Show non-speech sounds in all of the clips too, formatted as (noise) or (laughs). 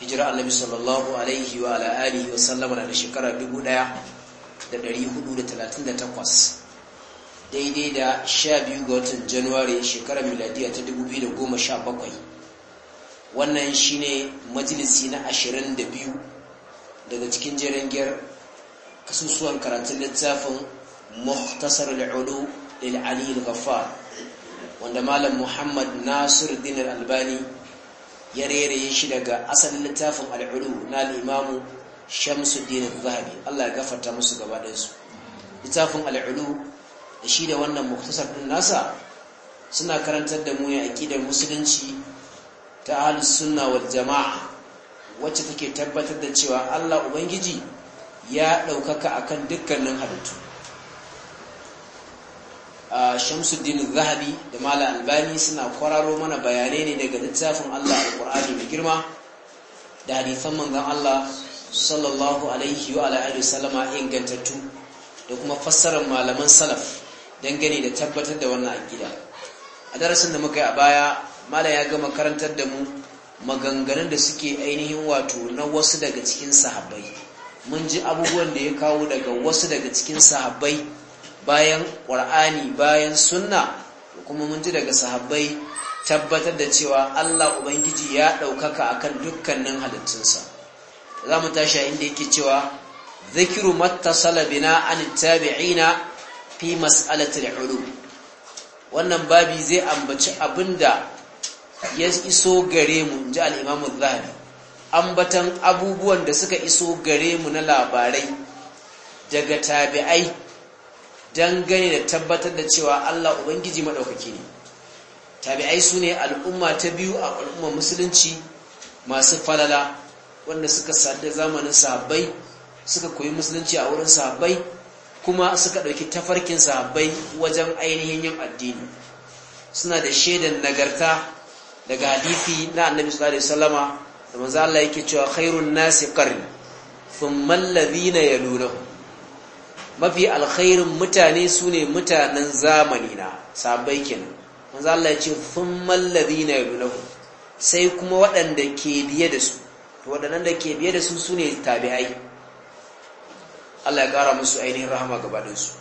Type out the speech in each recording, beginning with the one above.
hijira annabi sallallahu alaihi wa ala alihi wa sallama na shekara 1438 daidai da 12 ga watan januwari shekarar miladiya ta 2017 wannan shine majalisi na 22 daga cikin jirangiyar kasusuwan karatun littafin muhtasar al'udu lil'ali al-ghaffar wanda malam muhammad nasir dinar albani ya reraye shi daga asalin littafin al'ulu na limamu dinin zahabi Allah ya gafarta musu gaba ɗansu littafin al'ulu da shi da wannan muktasar ɗin nasa suna karantar da mu a aƙidar musulunci ta ahlus suna wa jama'a wacce take tabbatar da cewa Allah ubangiji ya ɗaukaka a kan dukkanin halittu shamsuddin zahabi da malam albani suna kwararo mana bayanai ne daga littafin allah alkur'ani mai girma da hadisan manzon allah sallallahu alaihi wa alaihi salama ingantattu da kuma fassarar malaman salaf dangane da tabbatar da wannan akida a darasin da muka yi a baya malam ya gama karantar da mu maganganun da suke ainihin wato na wasu daga cikin sahabbai mun ji abubuwan da ya kawo daga wasu daga cikin sahabbai bayan ƙur'ani bayan sunna kuma mun ji daga sahabbai tabbatar da cewa Allah ubangiji ya ɗaukaka a kan dukkanin halittunsa za mu tashi a inda yake cewa zikiru mattasala bina an na fi mas'alatar hulu wannan babi zai ambaci abin da ya iso gare mu ji al-Imam ambatan abubuwan da suka iso gare mu na labarai daga tabi'ai dangane da tabbatar da cewa Allah Ubangiji maɗaukaki ne tabi'ai su ne al'umma ta biyu a al'ummar musulunci masu falala wanda suka sadu zamanin sahabbai suka koyi musulunci a wurin sahabbai kuma suka ɗauki tafarkin sahabbai wajen ainihin yin addini suna da shaidan nagarta daga hadisi na annabi sallallahu alaihi wasallama da manzo Allah yake cewa khairun nasi qarni thumma alladhina yalunahum mafi alkhairin mutane su ne mutanen zamani na sabai kenan manzo Allah ya ce thummal ladina yalunahu sai kuma waɗanda ke biye da su to waɗannan da ke biye da su su ne tabi'ai Allah ya ƙara musu ainihin rahama gabaninsu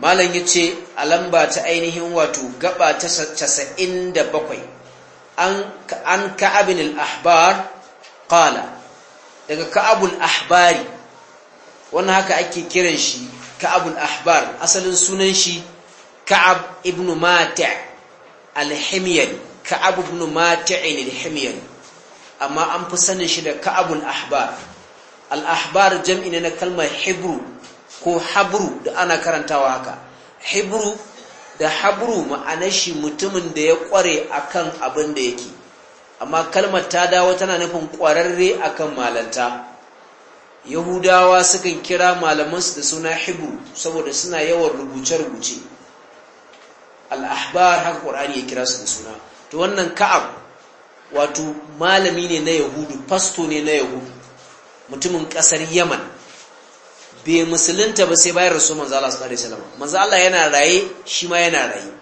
malam ya ce a lamba ta ainihin wato gaba ta 97 an ka'abin al'ahbar ahbar qala daga ka'abul ahbari wannan haka ake kiran shi ka'abul ahbar asalin sunan shi ka'ab ibn mati' al himyan ka'ab ibn mati'in al himyan amma an fi sanin shi da ka'abul ahbar al-ahbar jam'i ne na kalmar hibru ko habru da ana karantawa haka Hibru da habru ma'anar shi mutumin da ya kware akan abin da yake amma kalmar ta dawo tana nufin kwararre akan malanta yahudawa sukan kira malamansu da suna Hibru saboda suna yawan rubuce-rubuce al'ahbar haka ƙwararri ya kira su da suna to wannan ka'ab wato malami ne na yahudu fasto ne na yahudu mutumin ƙasar yaman bai musulunta ba sai bayan rasu manzo Allah sallallahu alaihi wasallam manzo Allah yana raye shi ma yana raye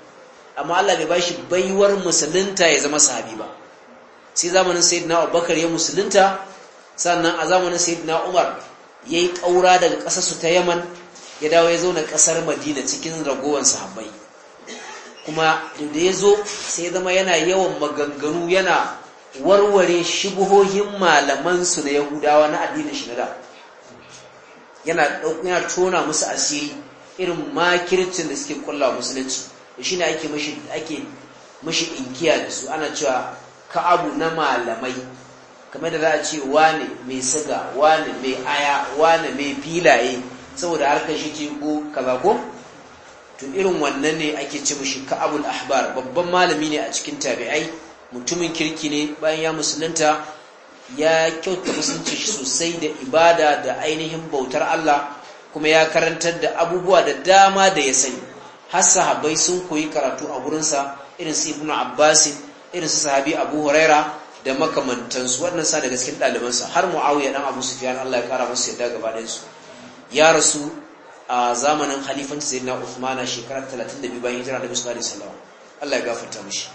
amma Allah bai bashi baiwar musulunta ya zama sahabi ba sai zamanin sayyidina Abubakar ya musulunta sannan a zamanin sayyidina umar ya yi ƙaura daga ƙasarsu ta yaman ya dawo ya zauna ƙasar madina cikin ragowar sahabbai kuma da ya zo sai zama yana yawan maganganu yana warware malaman malamansu na yahudawa na addinin shi na da yana yana tona musu asiri irin makircin da suke kulla musulunci shi ne ake mashi ake inkiya da su ana cewa 'ka abu na malamai kamar da za a ce wane mai siga wane mai aya wane mai filaye saboda harkar shi ce ko kaza ko to irin wannan ne ake ce mishi ka'abul ahbar babban malami ne a cikin tabi'ai mutumin kirki ne bayan ya musulunta ya kyauta musulunci shi sosai da ibada da ainihin bautar Allah kuma ya karantar da abubuwa da dama da ya sani har sahabbai sun koyi karatu a gurinsa irin su ibnu abbasin irin su sahabi abu huraira da makamantansu wannan sa da cikin ɗalibansa har muawiya dan abu sufyan Allah ya kara masu yadda gaba ɗayan su ya rasu a zamanin halifanci zaina uthmana shekara 32 bayan hijira da musulmi sallallahu Allah ya gafarta mishi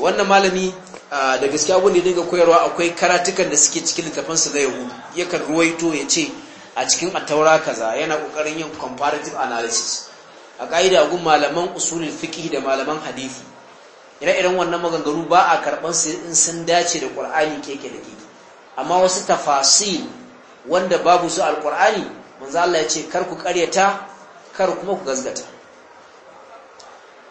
wannan malami da gaskiya abun da dinga koyarwa akwai karatukan da suke cikin sa da yahudu yakan ruwaito ya ce a cikin ataura kaza yana kokarin yin comparative analysis a ka'ida gun malaman usulul fiqh da malaman hadisi ire-iren wannan maganganu ba a karɓar su in sun dace da ƙur'ani keke da keke amma wasu tafasil wanda babu su alƙur'ani manzo Allah ya ce kar ku ƙaryata kar kuma ku gazgata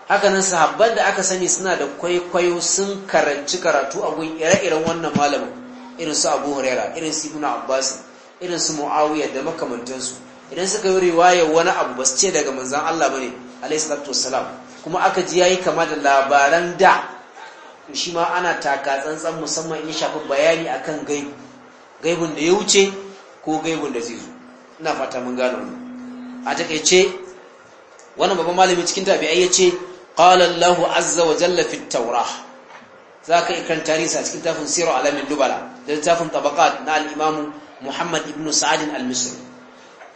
hakanan sahabban da aka sani suna da kwaikwayo sun karanci karatu a gun ire-iren wannan malamin irin su Abu Huraira irin su Ibn Abbas irin su Muawiya da makamantansu idan suka yi riwaya wani abu ba su ce daga manzan Allah bane alayhi salatu wassalam kuma aka ji yayi kama da labaran da shi ma ana taka tsantsan musamman in shafi bayani akan gaibu gaibun da ya wuce ko gaibun da zai zo ina fata mun gano a takeice wannan babban malami cikin tabi'ai yace qala Allahu azza wa jalla fi at-taurah zaka ikran tarisa cikin tafin siru alamin dubala da tafin tabaqat na al-imam Muhammad ibn Sa'adin al-Misri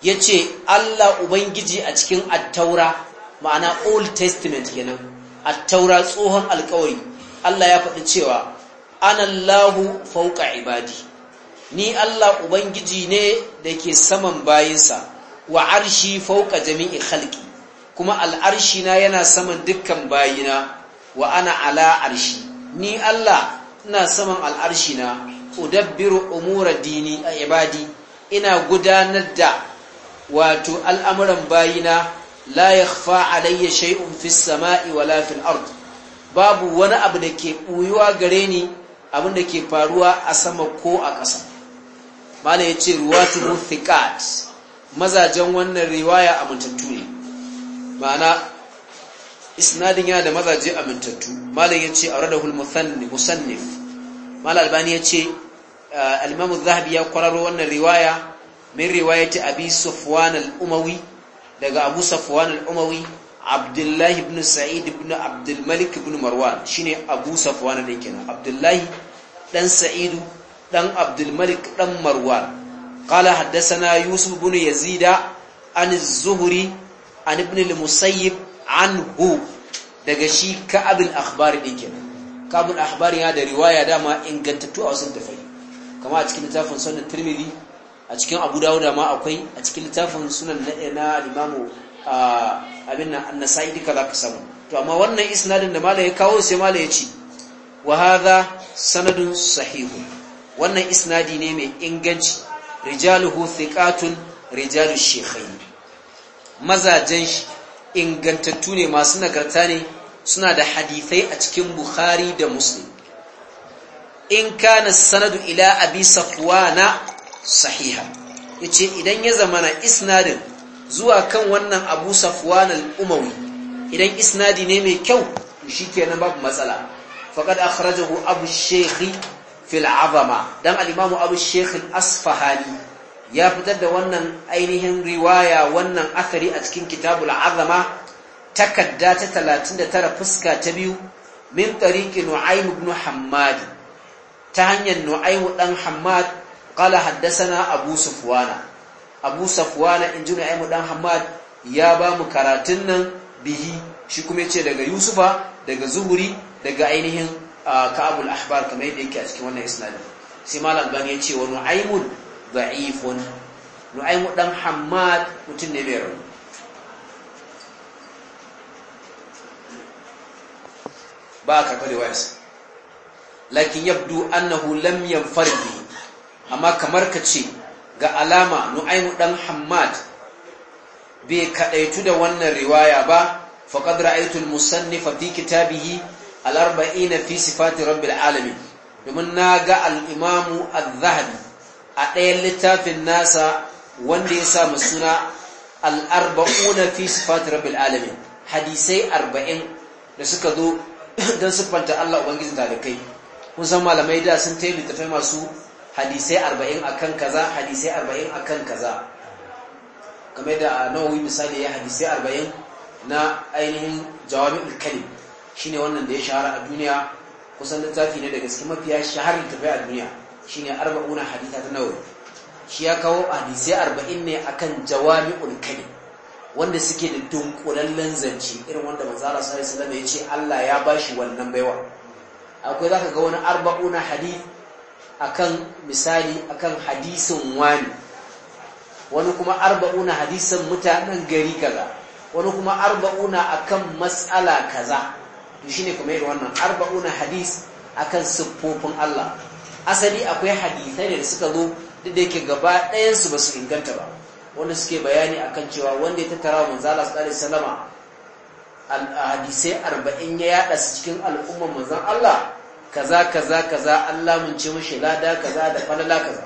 yace Allah ubangiji a cikin at-taurah ma'ana old testament kenan a taura tsohon alkawari Allah ya faɗi cewa anallahu fauka ibadi ni Allah ubangiji ne da ke saman bayinsa wa arshi fauka jami'i khalqi kuma al'arshi na yana saman dukkan bayina wa ana ala arshi ni Allah ina saman al'arshi na udabbiru umura dini a ibadi ina gudanar da wato al'amuran bayina la yakhfa alayya shay'un fis sama'i wala fil ard babu wani abu da ke ɓuyuwa gare ni abin da ke faruwa a sama ko a ƙasa mala ya ce Ruwatu thiqat mazajen wannan riwaya amintattu ne ma'ana isnadin yana da mazaje amintattu mala ya ce auradahu al-musannif mala albani ya ce al zahabi ya kwararo wannan riwaya min riwayati abi sufwan al-umawi daga abu safwan al abdullahi ibn sa'id ibn abdul malik ibn marwan ne abu safwan din abdullahi dan Sa'idu dan abdul malik dan marwan qala haddathana yusuf ibn yazida an az-zuhri an ibn al an anhu daga shi ka'ab al-akhbar din kenan ka'ab al ya da riwaya dama ingantattu a wasu tafai kama a cikin littafin sunan tirmidhi a cikin abu dawuda ma akwai a cikin littafin sunan na a abin na nasa'i duka za ka samu to amma wannan isnadin da mala ya kawo sai mala ya ce wa hadha sanadun sahihu wannan isnadi ne mai inganci rijaluhu thiqatun rijalu shaykhain mazajen shi ingantattu ne masu nagarta ne suna da hadithai a cikin bukhari da muslim in kana sanadu ila abi safwana sahiha yace idan ya zamana isnadin zuwa kan wannan Abu Safwan al-Umawi idan isnadi ne mai kyau shikenan babu matsala faqad akhrajahu Abu Shaykh fi al-Azama dan al-Imam Abu Shaykh al-Asfahani ya fitar da wannan ainihin riwaya wannan athari a cikin kitabul azama takadda ta 39 fuska ta biyu min tariqi Nu'aym ibn Hammad ta hanyar Nu'aym dan Hammad قال حدثنا ابو سفوان ابو سفوان انجن ايمو دان حماد يا بامو كراتين نن بيي شي كوم يچه daga يوسف daga زهري daga اينهن كعب الاحبار كما da yake cikin wannan isnad sai malam ban yace wa nu'aymun da'ifun nu'aymu dan hammad mutun ne mai ba ka kwari wa lakin yabdu annahu lam yanfarid amma kamar ka ce ga alama nu'aimu dan hammad bai kadaitu da wannan riwaya ba faqad ra'aytu al-musannifa fi kitabihi al-arba'ina fi sifati rabbil alamin domin na ga al-imamu a ɗayan littafin nasa wanda ya samu suna al-arba'una fi sifati rabbil alamin hadisai arba'in da suka zo (coughs) don siffanta Allah ubangijin talikai kun san malamai da sun taimaka masu hadisai arba'in akan kaza hadisai arba'in akan kaza kamar da nawawi misali ya hadisai arba'in na ainihin jawabin kalim shine wannan da ya shahara a duniya kusan littafi ne daga gaske mafiya shaharar tafi a duniya shine arba'una hadita ta nawawi shi ya kawo hadisai arba'in ne akan jawabi kalim wanda suke da dunkulallen zance irin wanda manzara sallallahu alaihi wasallam ya ce Allah ya bashi wannan baiwa akwai zaka ga wani arba'una hadith akan misali akan hadisin wani wani kuma arba'una hadisin mutanen gari kaza wani kuma arba'una akan matsala kaza shine kuma irin wannan arba'una hadis akan siffofin Allah asali akwai hadisai ne da suka zo da yake gaba ɗayan su basu inganta ba wanda suke bayani akan cewa wanda ya tattara manzo sallallahu alaihi wasallama hadisai 40 ya yada su cikin al'umma manzon Allah kaza kaza kaza Allah mun ce mushi lada kaza da falala kaza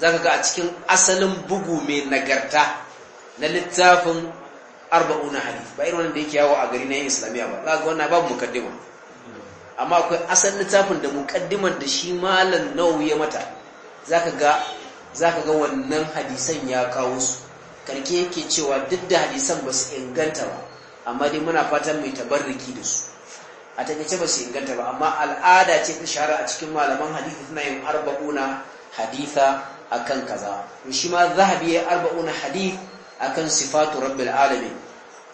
zaka ga a cikin asalin bugu mai nagarta na littafin arba'una hadith ba irin wanda yake yawo a gari na yin islamiya ba zaka ga wannan babu mukaddima amma akwai asalin littafin da mukaddiman da shi malam nau ya mata zaka ga zaka ga wannan hadisan ya kawo su karke yake cewa duk da hadisan ba su inganta ba amma dai muna fatan mai tabarriki da su a takaice ba su inganta ba amma al'ada ce ta shahara a cikin malaman hadisi suna yin arba'una haditha akan kaza shi ma zahabi ya arba'una hadith akan sifatu rabbil alamin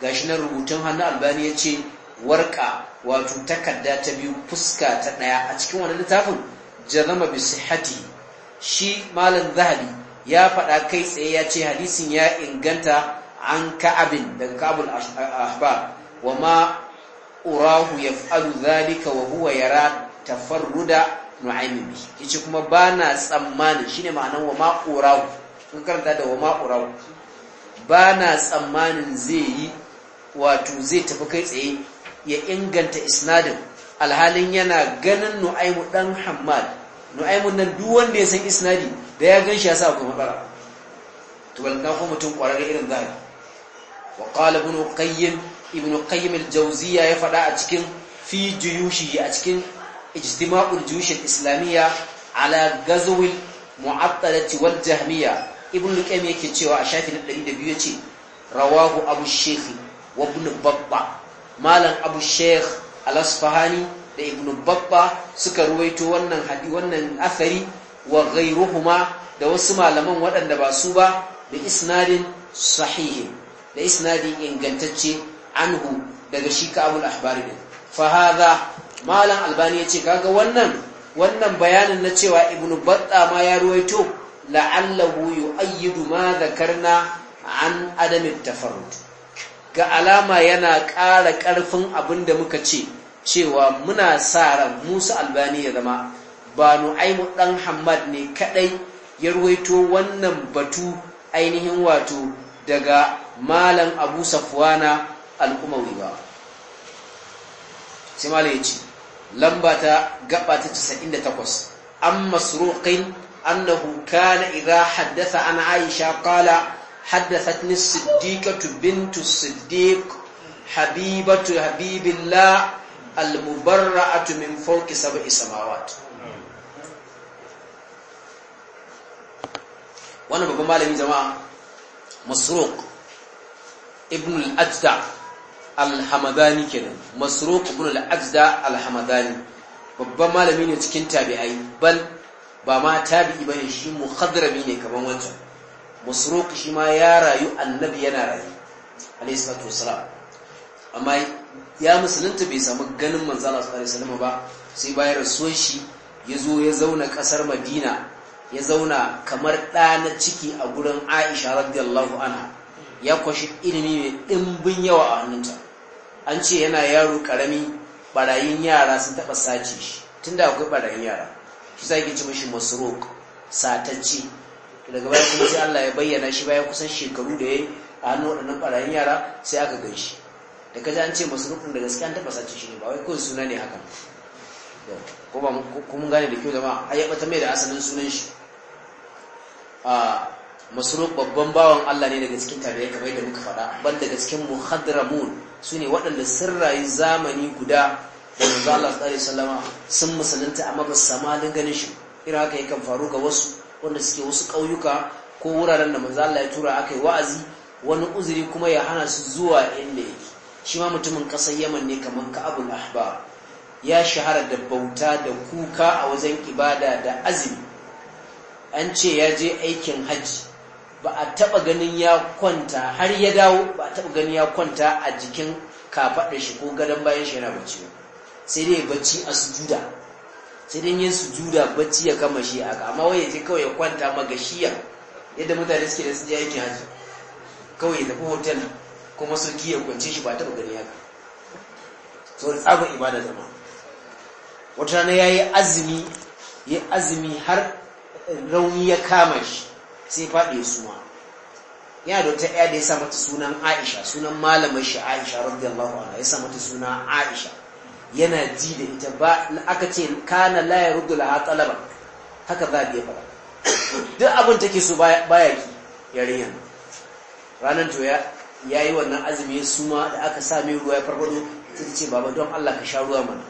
gashi nan rubutun hannu albani ya ce warka wato takarda ta biyu fuska ta ɗaya. a cikin wani littafin jarama bi sihati shi malam zahabi ya faɗa kai tsaye ya ce hadisin ya inganta an ka'abin daga kabul ahbar wa ma urahu yaf'alu dhalika wa huwa yara tafarruda nu'aym bi yace kuma bana tsammanin shine ma'anar wa ma urahu kun karanta da wa ma bana tsammanin zai yi wato zai tafi kai tsaye ya inganta isnadin alhalin yana ganin nuaimu dan hammad Nuaimu nan duk wanda ya san isnadi da ya ganshi shi yasa akwai matsala to balna kuma mutum kwararre irin zahiri wa qala ibn ibn qayyim al ya faɗa a cikin fi juyushi a cikin ijtima'ul juyush al-islamiyya ala gazwil mu'attalati wal jahmiyya ibn al-qayyim yake cewa a shafin 102 yace rawahu abu shaykh wa ibn babba malam abu shaykh al-asfahani da ibn babba suka ruwaito wannan hadi wannan athari wa ghayruhuma da wasu malaman waɗanda ba su ba da isnadin sahihi da isnadin ingantacce anhu daga shi ka'abul ahbari din fa malam albani yace kaga wannan wannan bayanin na cewa ibnu batta ma ya ruwaito la'allahu yu'ayyidu ma dhakarna an adami tafarrud ga alama yana ƙara ƙarfin abin da muka ce cewa muna sa ran Musa Albani ya zama ba aimu dan Hammad ne kadai ya ruwaito wannan batu ainihin wato daga malam Abu Safwana al'umawi ba sai mala ya ce lamba ta gaba ta 98 an masruqin annahu kana idza haddasa an aisha qala ni siddiqatu bintu siddiq habibatu habibillah almubarra'atu min fawqi sab'i samawat wannan babban malamin jama'a masruq ibn al-ajda alhamadani kenan masruq ibn al-ajda alhamadani babban malami ne cikin tabi'ai bal ba ma tabi'i bane shi muhadrami ne kaman wancan masruq shi ma ya rayu annabi yana rayu alayhi salatu wasalam amma ya musulunta bai samu ganin manzo Allah sallallahu alaihi wasallam ba sai bayan rasuwar shi yazo ya zauna kasar Madina ya zauna kamar ɗa na ciki a gurin Aisha radiyallahu anha ya kwashi ilimi mai ɗimbin yawa a hannunta an ce yana yaro karami barayin yara sun taba sace shi da akwai barayin yara shi sai ke ci mishi masruq satacci daga baya kuma sai Allah ya bayyana shi bayan kusan shekaru da ya a hannu waɗannan barayin yara sai aka gan shi da kaji an ce masruqun da gaskiya an taba sace shi ne ba wai kawai suna ne haka ko ba mun gane da kyau jama'a ai ya bata mai da asalin sunan shi ah, masruq babban bawan Allah ne daga cikin tabi'ai kamar yadda muka faɗa ban daga cikin muhadramun sune waɗanda sun rayu zamani guda da manzo Allah sallallahu alaihi wasallam sun musulunta a ba su samu ganin shi irin haka yakan faru ga wasu wanda suke wasu ƙauyuka ko wuraren da manzo Allah ya tura aka yi wa'azi wani uzuri kuma ya hana su zuwa inda yake shi ma mutumin ƙasar Yaman ne kamar Ka'abul Ahbar ya shahara da bauta da kuka a wajen ibada da azumi an ce ya je aikin hajji ba a taba ganin ya kwanta har ya dawo ba a taba ganin ya kwanta a jikin kafaɗar shi ko gadon bayan shi yana bacci ba sai dai bacci a sujuda sai dai yin sujuda bacci ya kama shi aka amma wai je kawai ya kwanta magashiya yadda mutane suke da su je aikin haji kawai ya tafi hotel kuma sarki ya kwance shi ba taba gani ka so da tsaba ibada zama wata rana ya yi azumi azumi har rauni ya kama shi sai faɗi suma Ya da wata ɗaya da ya sa mata sunan aisha sunan malamar shi aisha allah Ana ya sa mata suna aisha yana ji da ita ba aka ce kana la yaruddu laha haka za biya fara duk abin take so baya ki yarinyan ranar to ya yi wannan azumi suma da aka sa mai ruwa ya farfado ta ce baba don Allah ka sha ruwa mana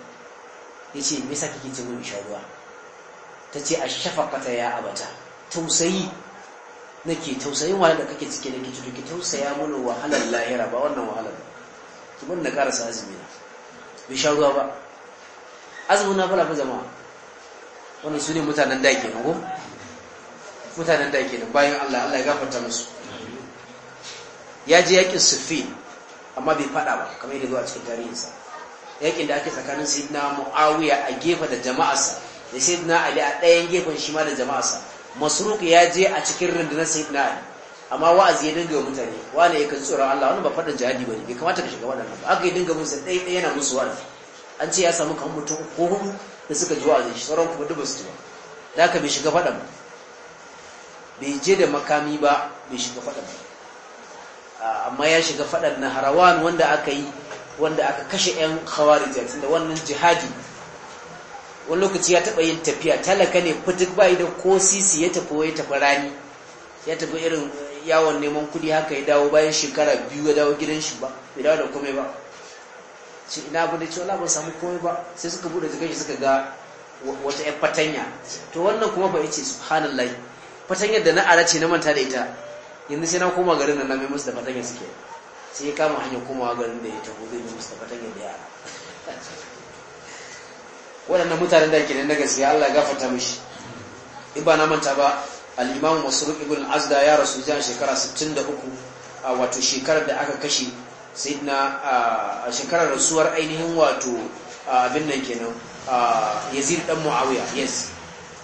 ce me yasa kike ce mun sha ruwa shafa ashafaqata ya abata tausayi nake tausayin wahalar da kake ciki nake ki tausaya mana wahalar lahira ba wannan wahalar ki ban na karasa azumi na bai sha ruwa ba azumin na fara fa jama'a wannan su ne mutanen da ke ko mutanen da ke bayan Allah Allah ya gafarta musu ya je yakin sufi amma bai fada ba kamar yadda zuwa cikin tarihinsa yakin da ake tsakanin Sayyidina Muawiya a gefe da jama'arsa da Sayyidina Ali a ɗayan gefen shi ma da jama'arsa masruq ya je a cikin rundunar sayyidina ali amma wa'azi ya dinga mutane wani ya kaji tsoron Allah wani ba faɗin jihadi bane bai kamata ka shiga wannan ba aka yi dinga musu dai dai yana musu wani an ce ya samu kan mutum ko hudu da suka ji wa'azi shi sauran kuma dubu su ji ba da ka bai shiga faɗa ba bai je da makami ba bai shiga faɗa ba amma ya shiga faɗan na harawan wanda aka yi wanda aka kashe 'yan khawarij tunda wannan jihadi wani lokaci ya taɓa yin tafiya talaka ne fitik ba idan ko sisi ya tafi ya tafi rani ya tafi irin yawon neman kudi haka ya dawo bayan shekara biyu ya dawo gidan shi ba ya dawo da komai ba shi ina abu da cewa labar samu komai ba sai suka bude jikin shi suka ga wata yan fatanya to wannan kuma ba yace subhanallah fatanyar da na arace na manta da ita yanzu sai na koma garin nan na mai musu da fatanya suke sai ya kama hanyar komawa garin da ya tafi zai musu da fatanya da yara. (laughs) waɗannan mutanen da ke na gaskiya Allah ya gafarta mishi in ba na manta ba al-Imam Masruq ibn Azda ya rasu jan shekara 63 a wato shekarar da aka kashe sayyidina a shekarar rasuwar ainihin wato abin nan kenan Yazid dan Muawiya yes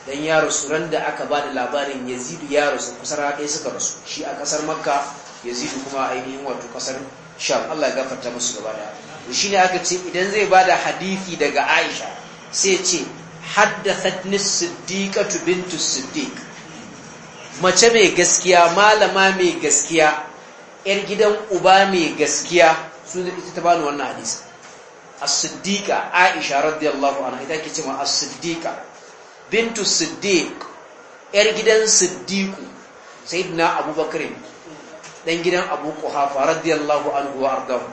dan ya rasu ran da aka ba da labarin Yazid ya rasu kusan ɗaya suka rasu shi a kasar Makka Yazid kuma ainihin wato kasar Sham Allah ya gafarta musu gaba da shi ne aka ce idan zai bada da hadisi daga Aisha sai ce haddathatni siddiqatu bintu siddiq mace mai gaskiya malama mai gaskiya yar gidan uba mai gaskiya su ne ita ta bani wannan hadisi as-siddiqa aisha radiyallahu anha ita ke cewa as-siddiqa bintu siddiq yar gidan siddiqu sayyidina abubakar dan gidan abu quhafa radiyallahu anhu wa ardahu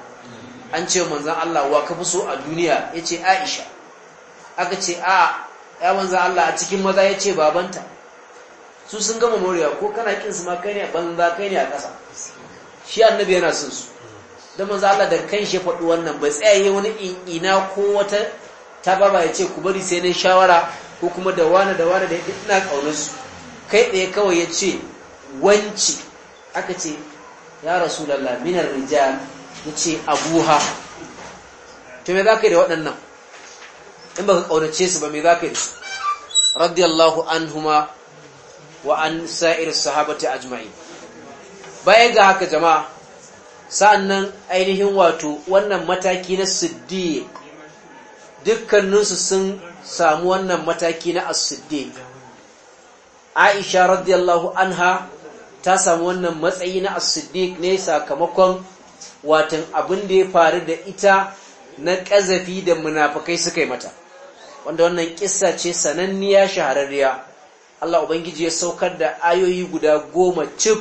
an ce manzon Allah wa kafi so a duniya yace aisha aka ce a ya manza Allah a cikin maza ya ce babanta su sun gama morewa ko kana kin su ma kai ne banza kai ne a ƙasa shi annabi yana son su don maza Allah da kan shi faɗi wannan ba tsayaye wani ina ko wata ta baba ya ce ku bari sai na shawara ko kuma da wane da wane da ina ƙaunar su kai ɗaya kawai ya ce wanci aka ce ya rasu lalla minar rijal ya ce abuha to me za ka yi da waɗannan in baka kaunace su ba me zaka yi su radiyallahu anhuma wa an sa'ir sahabati ajma'in Bayan ga haka jama'a sa'annan ainihin wato wannan mataki na siddiq dukkaninsu sun samu wannan mataki na as-siddiq Aisha radiyallahu anha ta samu wannan matsayi na as-siddiq ne sakamakon watan abin da ya faru da ita na ƙazafi da munafukai suka yi mata wanda wannan kissa ce sananniya shahararriya Allah ubangiji ya saukar da ayoyi guda goma cif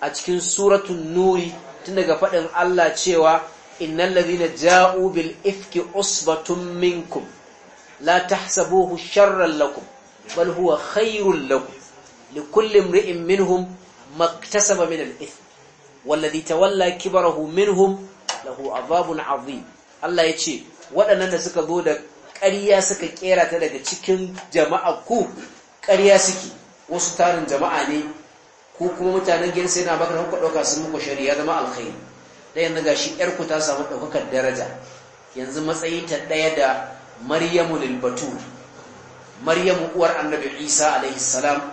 a cikin suratun nuri tun daga faɗin Allah cewa innal ladhina ja'u bil ifki usbatun minkum la tahsabuhu sharran lakum bal huwa khairul lakum likulli imri'in minhum maktasaba min al ithm والذي تولى كبره منهم له عذاب عظيم Allah ya ce waɗannan da suka zo da ƙarya suka kera ta daga cikin jama'a ku ƙarya suke wasu tarin jama'a ne ku kuma mutanen gina sai na bakar kuka ɗauka sun muku shari'a zama alkhairi da yanzu ga shi ƴarku ta samu ɗaukakar daraja yanzu matsayi ta ɗaya da maryamu lilbatu maryamu uwar annabi isa alaihi salam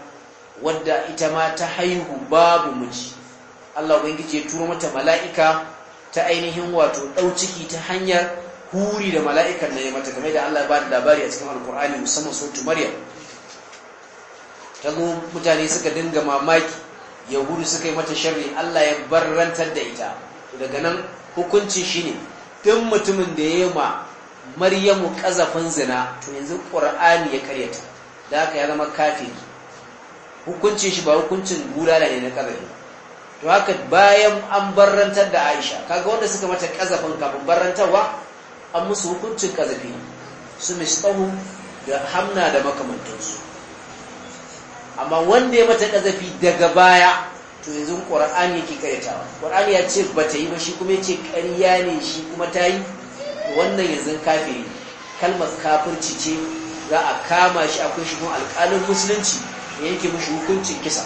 wadda ita ma ta haihu babu miji Allah ubangiji ya turo mata mala'ika ta ainihin wato ɗau ciki ta hanyar huri da mala'ikan na ya mata game da Allah ba da labari a cikin alkur'ani musamman sautu maryam ta zo mutane suka dinga mamaki yahudu suka yi mata sharri Allah ya barrantar da ita daga nan hukuncin shi ne duk mutumin da ya yi ma maryamu kazafin zina to yanzu ƙur'ani ya karyata da haka ya zama kafin hukuncin shi ba hukuncin bulala ne na kabari to haka bayan an barrantar da aisha kaga wanda suka mata kazafin kafin barrantarwa an musu hukuncin kazafi su mistahu da hamna da makamantansu amma wanda ya mata kazafi daga baya to yanzu ƙwar'ani yake karyatawa ƙwar'ani ya ce ba ta yi ba shi kuma ya ce ƙarya ne shi kuma ta yi wannan yanzu kafiri kalmar kafirci ce za a kama shi akwai shi kuma alƙalin musulunci da yanke mashi hukuncin kisa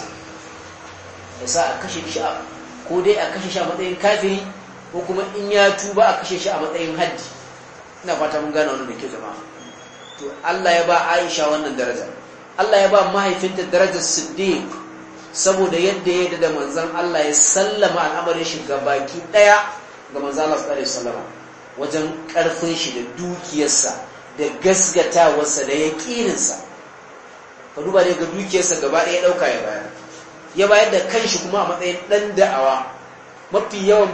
da sa a kashe shi a ko dai a kashe shi a matsayin kafiri ko kuma in ya tuba a kashe shi a matsayin haddi ina fata mun gane wannan da kyau jama'a to Allah ya ba Aisha wannan daraja Allah ya ba mahaifinta darajar Siddiq saboda yadda ya da manzon Allah ya sallama al'amarin shi ga baki daya ga manzon Allah sallallahu alaihi wasallam wajen karfin shi da dukiyarsa da gasgatawarsa da yaƙininsa ka duba ne ga dukiyarsa gaba ɗaya ɗauka ya bayar ya bayar da kanshi kuma a matsayin ɗan da'awa mafi yawan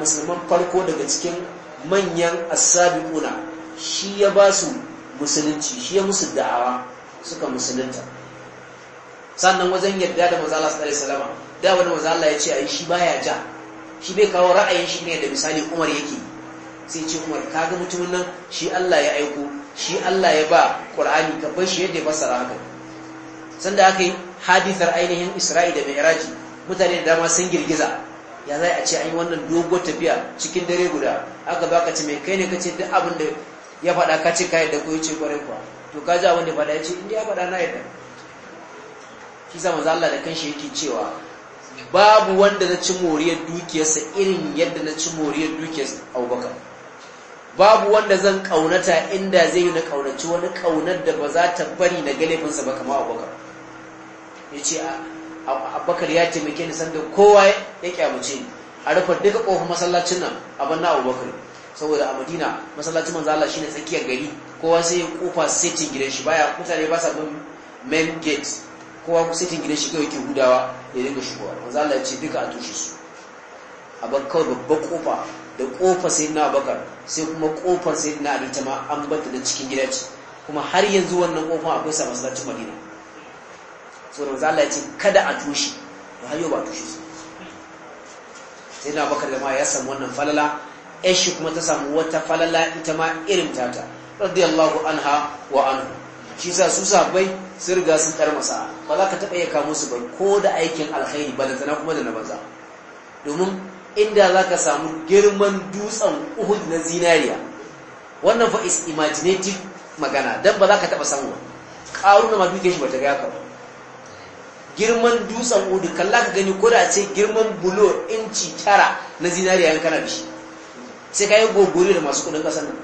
musulman farko daga cikin manyan asabiquna shi ya ba su musulunci shi ya musu da'awa suka musulunta sannan wajen yadda da mazala Allah sallallahu alaihi da wani mazala Allah ya ce ai shi baya ja shi bai kawo ra'ayin shi ne da misali Umar yake sai ce Umar kaga mutumin nan shi Allah ya aiko shi Allah ya ba Qur'ani ka bar shi yadda ya fassara haka sanda aka yi hadithar ainihin Isra'i da Mi'raji mutane da dama sun girgiza ya zai a ce an yi wannan doguwar tafiya cikin dare guda aka baka ce mai kai ne kace duk abin da ya faɗa ka ce ka yadda ko ce kwarai kuwa to ka ji abin faɗa ya ce, in ya faɗa na yadda shi sa manzo Allah da kanshi yake cewa babu wanda na ci moriyar dukiyarsa irin yadda na ci moriyar dukiyarsa Abubakar babu wanda zan kaunata inda zai yi na kaunaci wani kaunar da ba za ta bari na galefinsa ba kamar Abubakar yace a abubakar ya taimake ni sanda kowa ya kyamuce ni a rufe duka ƙofar masallacin nan a banna abubakar saboda a madina masallacin manzo Allah shine tsakiyar gari kowa sai ya kofa setin gidan shi baya mutane ba sa bin main gate kowa setin gidan shi kawai ke gudawa ya dinga shigowa manzo Allah ya ce duka a tushe su a kawai babbar kofa da kofar na abubakar sai kuma kofar sai ali ta ma an bata da cikin gidan kuma har yanzu wannan kofar akwai sa masallacin madina saboda za Allah ya ce kada a tushe to har yau ba tushe su sai na bakar da ma ya samu wannan falala shi kuma ta samu wata falala ita ma irin tata radiyallahu anha wa anhu shi sa su sabai sun riga sun karmasa ba za ka taɓa iya kamo su ba ko da aikin alkhairi ba da tana kuma da na banza domin inda za ka samu girman dutsen uhud na zinariya wannan fa is imaginative magana don ba za ka taɓa samu ba ƙaru na ma duke shi ba ta ka ba girman dutsen udu kalla ka gani ko ce girman bulo inci tara na zinariya yan kana bishi sai ka yi gogori da masu kudin kasar nan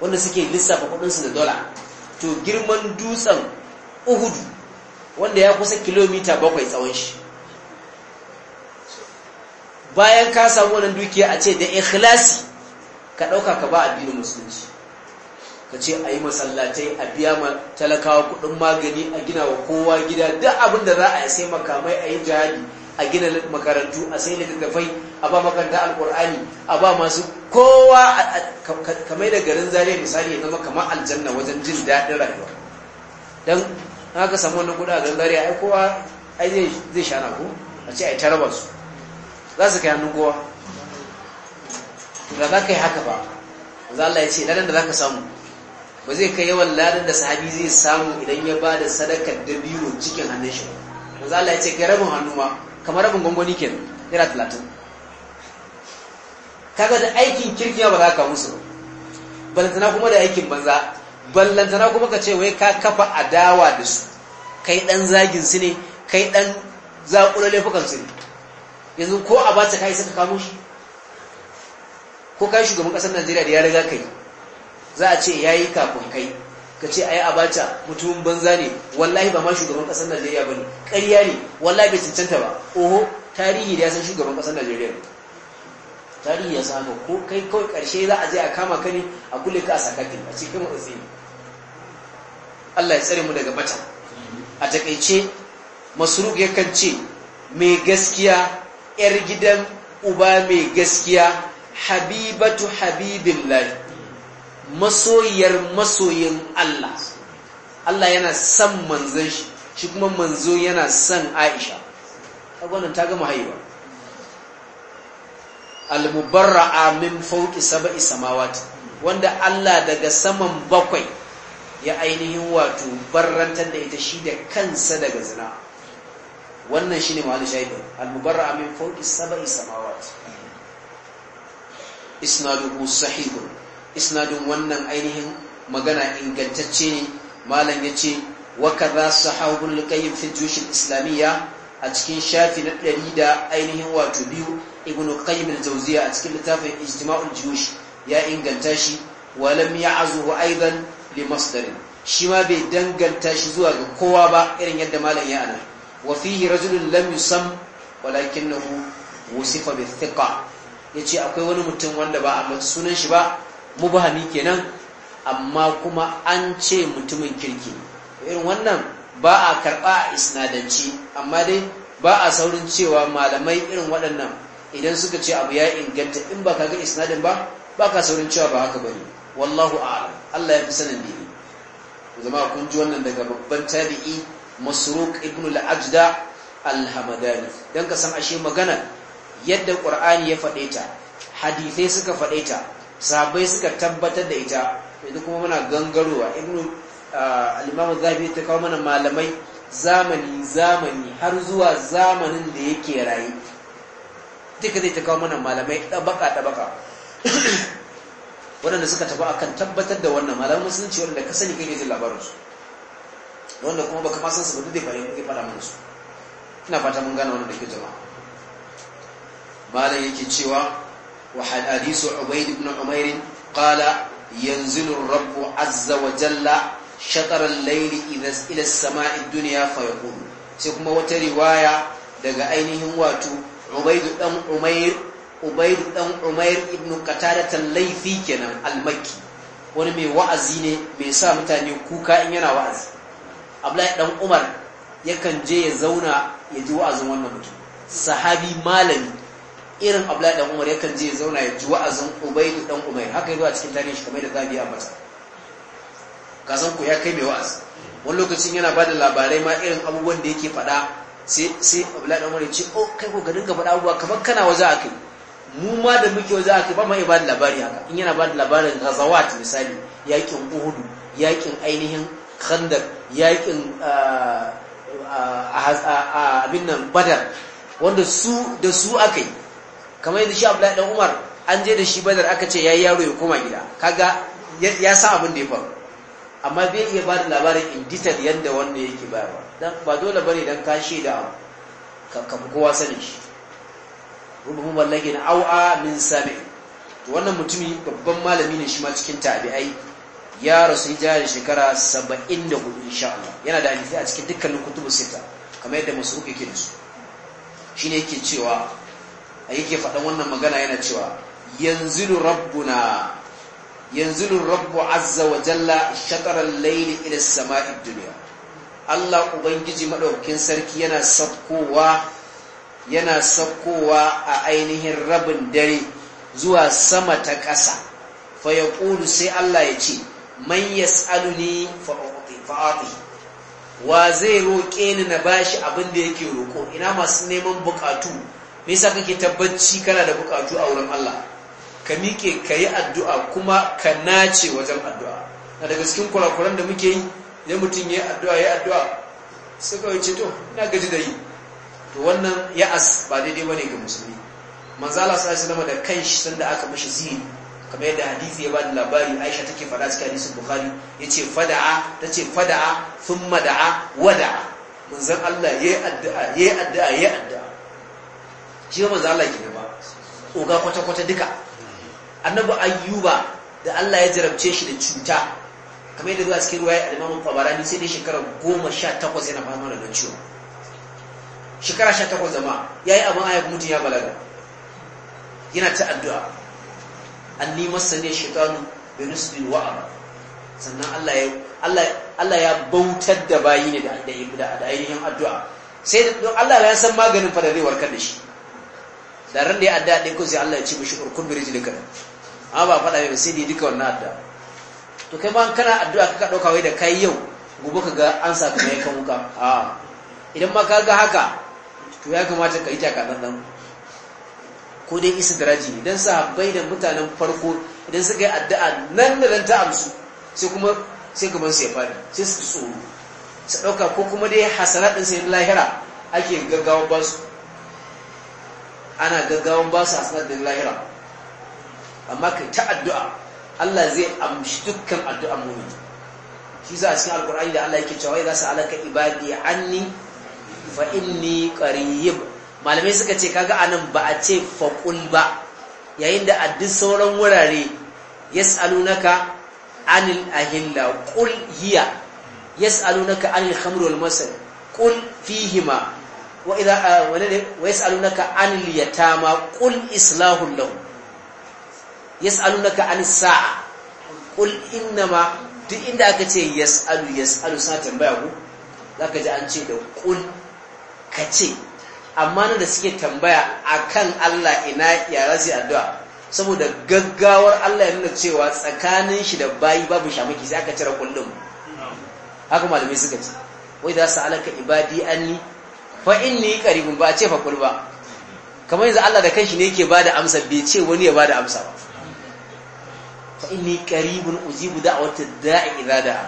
wanda suke lissafa kudinsu da dola to girman dutsen uhudu wanda ya kusa kilomita bakwai tsawon shi bayan ka samu wannan dukiya a ce da ikhlasi ka ɗauka ka ba addinin musulunci ka ce a yi masallatai a biya ma talakawa kuɗin magani a gina wa kowa gida duk abin da za a yi sai makamai a yi jihadi a gina makarantu a sai littattafai a ba makaranta alkur'ani a ba masu kowa kamar da garin zariya misali ya zama kamar aljanna wajen jin daɗin rayuwa don haka samu wannan kuɗa a garin zariya ai kowa ai zai shana ko a ce a yi taraba su za su kai hannun kowa da za ka yi haka ba za Allah ya ce ɗanen da za ka samu ba zai kai yawan ladan da sahabi zai samu idan ya ba da sadakar dabino cikin hannun shi za Allah ya ce ga rabin hannu ma kamar rabin gwangwani ke naira talatin kaga da aikin kirki ba za ka musu ba ballantana kuma da aikin banza ballantana kuma ka ce wai ka kafa adawa da su kai dan zagin su ne kai dan zakula laifukan su ne yanzu ko a ta kai saka kamo shi ko kai shugaban kasar Najeriya da ya riga kai za a ce ya yi kafin kai ka ce ai abacha mutumin banza ne wallahi ba ma shugaban ƙasar najeriya ba ne ƙarya ne wallahi bai cancanta ba oho tarihi da ya san shugaban ƙasar najeriya ne tarihi ya san haka ko kai kawai ƙarshe za a je a kama ka ne a kulle ka a sakatin a cikin matsatsi ne allah ya tsare mu daga bata a takaice masruq yakan ce mai gaskiya yar gidan uba mai gaskiya habibatu habibillahi masoyiyar masoyin Allah Allah yana son manzon shi shi kuma manzo yana son Aisha wannan ta gama haihuwa al-mubarra'a min fawqi sab'i samawati wanda Allah daga saman bakwai ya ainihin wato barrantar da ita shi da kansa daga zina wannan shine ma'anar shaidu al-mubarra'a min fawqi sab'i samawati isnaduhu sahihun isnadin wannan ainihin magana ingantacce ne malam ya ce wakaza sahabun lukayin fi islamiyya a cikin shafi na ɗari da ainihin wato biyu ibn qayyim al-jawziya a cikin littafin ijtima'ul juyush ya inganta shi wa lam ya'zuhu aidan li masdar shi ma bai danganta shi zuwa ga kowa ba irin yadda malam ya ana wa fihi rajulun lam yusam walakinahu wusifa bi thiqa yace akwai wani mutum wanda ba a sunan shi ba mubahami kenan amma kuma an ce mutumin kirki irin wannan ba a karɓa a isnadanci amma dai ba a saurin cewa malamai irin waɗannan idan suka ce abu ya inganta in ba ka ga isnadin ba ba ka saurin cewa ba haka bane wallahu a'lam Allah ya fi sanin dini zama kun ji wannan daga babban tabi'i masruq ibn al-ajda al-hamadani dan ka san ashe magana yadda qur'ani ya faɗe ta hadisai suka faɗe sahabai suka tabbatar da ita yanzu kuma muna gangarowa ibnu ah, al-imam zafi ta kawo mana malamai zamani zamani har zuwa zamanin da yake raye duka zai ta kawo mana malamai ɗabaka ɗabaka (coughs) waɗanda suka tafi akan tabbatar da wannan malamin musulunci waɗanda ka sani kai ne labarin labarinsu wanda kuma baka ma san su ba duk zai faɗa mana su ina fata mun gane wannan da ke jama'a malam yake cewa وحديث عبيد بن عمير قال ينزل الرب عز وجل شطر الليل إذا إلى السماء الدنيا فيقول سيكما وترواية دقا أينهم واتو عبيد أم عمير عبيد أم عمير ابن قتادة الليثي كنا المكي wani mai wa'azi ne mai sa mutane kuka in yana wa'azi abdullahi dan umar yakan je ya zauna ya ji wa'azin wannan mutum sahabi malami irin abdullahi dan umar yakan je zauna ya ji wa'azin ubaidu dan umar haka yi zuwa cikin tarihin shi kamar da zabi a masa kasan ku ya kai mai wa'az wani lokacin yana ba da labarai ma irin abubuwan da yake faɗa sai abdullahi dan umar ya ce o kai ko ka dinga faɗa abubuwa kamar kana waje a kai mu ma da muke waje a kai ba ma ba da labari haka in yana ba da labarin gazawat misali yakin uhudu yakin ainihin khandar yakin ah, ah, ah, abin nan badar wanda su da su aka yi kamar yadda shi abu ɗan umar an je da shi badar aka ce ya yi yaro ya koma gida kaga ya sa abin da ya faru amma bai iya ba da labarin in da yadda wanda yake bayarwa ba dole bane don ka da ka kowa sani shi rububu mallaki na au'a min sami wannan mutumi babban malami ne shi ma cikin tabi'ai ya rasu hijira da shekara 74 insha Allah yana da hadisi a cikin dukkanin kutubu sita kamar yadda masu yake da su shine yake cewa A yake faɗin wannan magana yana cewa yanzu rabbuna yanzu rabbu azza wa jalla shatarar laili ila sama'id duniya Allah ubangiji maɗaukin sarki yana saukowa yana sakkowa a ainihin rabin dare zuwa sama ta ƙasa fa yaqulu sai Allah ya ce man tsalu fa fa'ati wa zai roƙe ni na bashi abin da yake roƙo ina masu neman buƙatu me yasa kake tabbaci kana da bukatu a wurin Allah ka miƙe ka yi addu'a kuma ka nace wajen addu'a na daga cikin kurakuran da muke yi idan mutum ya addu'a ya addu'a kawai wuce to ina gaji da yi to wannan ya'as ba daidai bane ga musulmi manzo Allah sallallahu alaihi da kanshi da aka mishi zini kamar yadda hadisi ya bada labari Aisha take fada cikin hadisin Bukhari yace fada'a tace fada'a thumma da'a wada'a manzon Allah yayi addu'a yayi addu'a yayi addu'a shi za Allah kenan ba oga kwata kwata duka annabi ayyuba da Allah ya jarabce shi da cuta kamar yadda zuwa cikin ruwaya al-Imam Tabarani sai dai shekara 18 yana fama da ciwo shekara 18 zama yayi abin ayyuka mutun ya balaga yana ta addu'a anni masani shaytanu bi nusbil wa'ab sannan Allah ya Allah Allah ya bautar da bayi ne da da ainihin addu'a sai Allah ya san maganin fararewar kan da shi da ran da ya adda ɗin ko sai Allah ya ci mishi urkun bi rijlika amma ba faɗa mai sai dai duka wannan adda to kai ma kana addu'a ka ɗauka wai da kai yau gobe ka ga an sa kamar kan wuka a idan ma ka ga haka to ya kamata ka yi taka dan ko dai isa daraji ne sa sahabbai da mutanen farko idan suka yi addu'a nan da nan ta amsu sai kuma sai gaban su ya fadi sai su tsoro su ɗauka ko kuma dai hasara ɗin sai lahira ake gaggawa ba su ana gaggawan ba su hasanar da lahira amma kai ta addu'a Allah zai amshi dukkan addu'a mumin shi za a cikin alkur'ani da Allah yake cewa za su alaka ibadi anni fa inni qarib malamai suka ce kaga anan ba a ce faƙul ba yayin da a sauran wurare yas'alunaka anil ahilla qul hiya yas'alunaka anil khamr wal masal qul fihima wa idza ah, wa yas'alunaka anil yatama qul islahul lahum yas'alunaka anis sa'a qul innama duk inda aka ce yas'alu yas'alu sa tambaya ku zaka ji an ce da qul kace amma nan da suke tambaya akan Allah ina yara zai addu'a saboda gaggawar Allah ya nuna cewa tsakanin shi da bayi babu shamaki sai aka cire kullum haka malamai suka ce wai za su alaka ibadi anni fa inni qaribun ba ce fa kul ba kamar yanzu Allah da kanshi ne yake bada amsa bai ce wani ya bada amsa ba fa inni qaribun ujibu da'watad da'i idza da'a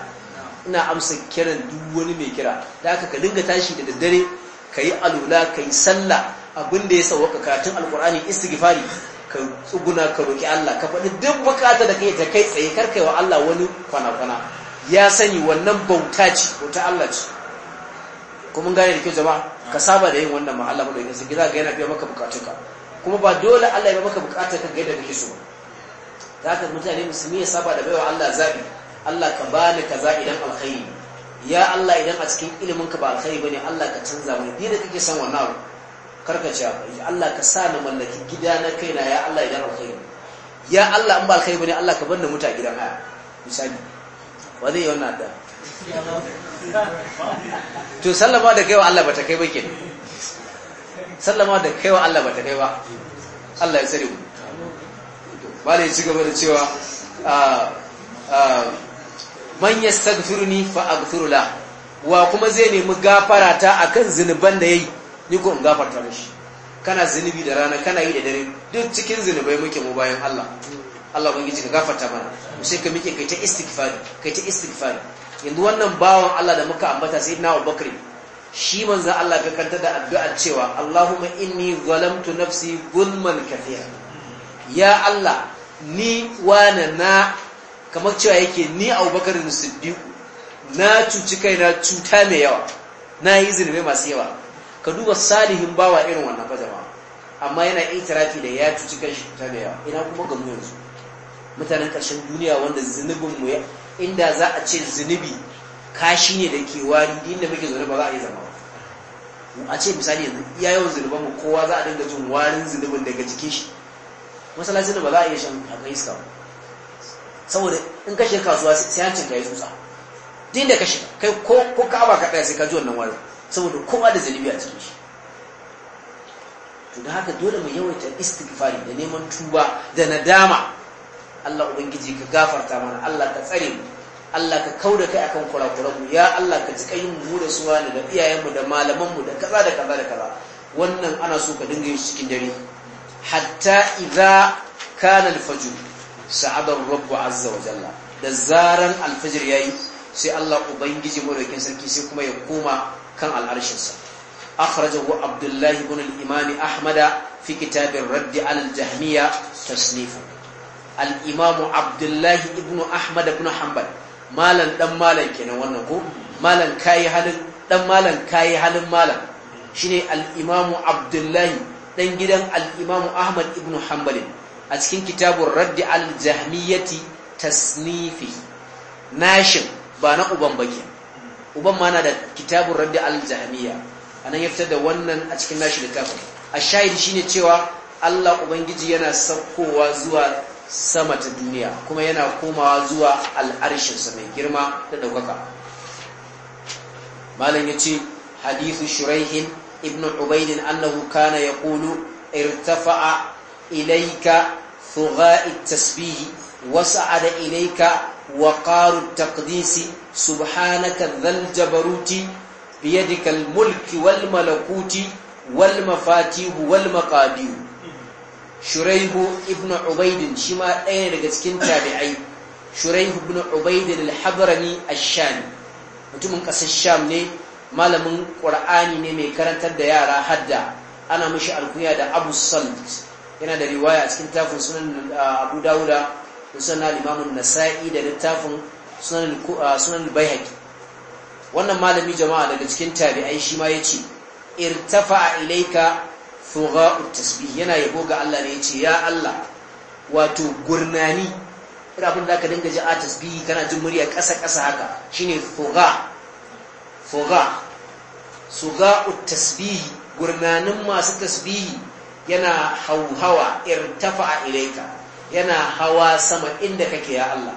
ina amsa kiran duk wani mai kira da aka ka dinga tashi da daddare kai alula kai sallah abinda ya sauka karatun alqur'ani istighfari ka tsuguna ka roki Allah ka faɗi duk bukata da kai ta kai tsaye karkaiwa Allah wani kwana kwana ya sani wannan bauta ce bauta Allah ce ko mun gane da kyau jama'a ka saba da yin wannan ma Allah da sarki za ga yana biya maka bukatunka kuma ba dole Allah ya maka bukatar ka ga yadda kake so za ka mutane musulmi ya saba da baiwa Allah zabi Allah ka bani ka za idan alkhairi ya Allah idan a cikin ilimin ka ba alkhairi bane Allah ka canza mu ni da kake son wannan abu karka ci Allah ka sa na mallaki gida na kaina ya Allah idan alkhairi ya Allah in ba alkhairi bane Allah ka bar da muta gidan haya misali wa zai yi wannan da to sallama da kaiwa Allah bata kai ba ke sallama da kaiwa Allah bata kai ba Allah ya tsare mu malai ci gaba da cewa ah, ah, man yastaghfiruni fa aghfiru la wa kuma zai nemi gafara ta akan zinuban da yayi ni ko in gafarta mishi kana zinubi da rana kana yi da dare duk cikin zinubai muke mu bayan Allah Allah bangiji ka gafarta mana sai ka miƙe kai ta istighfar kai ta istighfar yanzu wannan bawan Allah da muka ambata sai na Abubakar shi manzan Allah ga kanta da addu'a cewa Allahumma inni zalamtu nafsi gulman kathira ya Allah ni wane na kamar cewa yake ni Abubakar Siddiq na cuci kaina cuta mai yawa na yi zunubai masu yawa ka duba salihin bawa irin wannan fa amma yana itirafi da ya cuci kai cuta mai yawa ina kuma ga yanzu mutanen ƙarshen duniya wanda zunubin mu inda za a ce zunubi kashi ne da ke wari inda muke zaune ba za a yi zama a ce misali yanzu iya yawan zunuban mu kowa za a dinga jin warin zunubin daga jikin shi masallaci da ba za a iya shan haka iska ba saboda in ka kasuwa sai an cinka ya tsutsa din da ka kai ko ka ba ka sai ka ji wannan warin saboda kowa da zunubi a cikin shi to da haka dole mu yawaita istighfari da neman tuba da nadama Allah ubangiji ka gafarta mana Allah ka tsare mu Allah ka kauda kai akan kurakuranmu ya Allah ka ji kayin mu da suwa da iyayenmu da malamanmu da kaza da kaza da kaza wannan ana so ka dinga yin cikin dare hatta idza kana al-fajr sa'ada rabbu azza wa jalla da zaran al yayi sai Allah ubangiji madaukin sarki sai kuma ya koma kan al'arshinsa أخرجه Abdullahi الله بن ahmada fi في كتاب الرد على الجهمية تصنيفه al-imamu abdullahi ibn ahmad ibn hanbal malan dan malan kenan wannan ko malan kai halin dan malan kai halin malan shine al-imamu abdullahi dan gidan al-imamu ahmad ibn hanbal a cikin kitabun raddi al-jahmiyyati tasnifi nashin ba na uban baki uban ma na da kitabun raddi al-jahmiyya anan ya fitar da wannan a cikin nashin littafin a shahid shine cewa Allah Ubangiji yana saukowa zuwa sama ta duniya kuma yana komawa zuwa al'arshinsa mai girma da ɗaukaka malam ya ce hadithu shuraihin ibn ubaidin annahu kana ya ƙulu irtafa'a ilaika thugha'i tasbihi wasa'ada ilaika waqaru taqdisi subhanaka dhal jabaruti biyadika al mulki wal malakuti wal mafatihu wal maqadiru shuraihu ibn ubaidin shi ma ɗaya daga cikin tabi'ai shuraihu ibn ubaidin al-habrani ash-shami mutumin ƙasar sham ne malamin qur'ani ne mai karantar da yara hadda ana mishi alkunya da abu salt yana da riwaya a cikin tafin sunan uh, abu dawuda da sunan limamin nasa'i da littafin sunan uh, baihaki wannan malami jama'a daga cikin tabi'ai shi ma ya irtafa ilaika fuga tasbih yana yabo ga Allah ne yace ya Allah wato gurnani ina abin da aka dinga ji a tasbihi kana jin murya ƙasa ƙasa haka shine fuga fuga suga tasbih gurnanin masu tasbihi yana hauhawa irtafa ilaika yana hawa sama inda kake ya Allah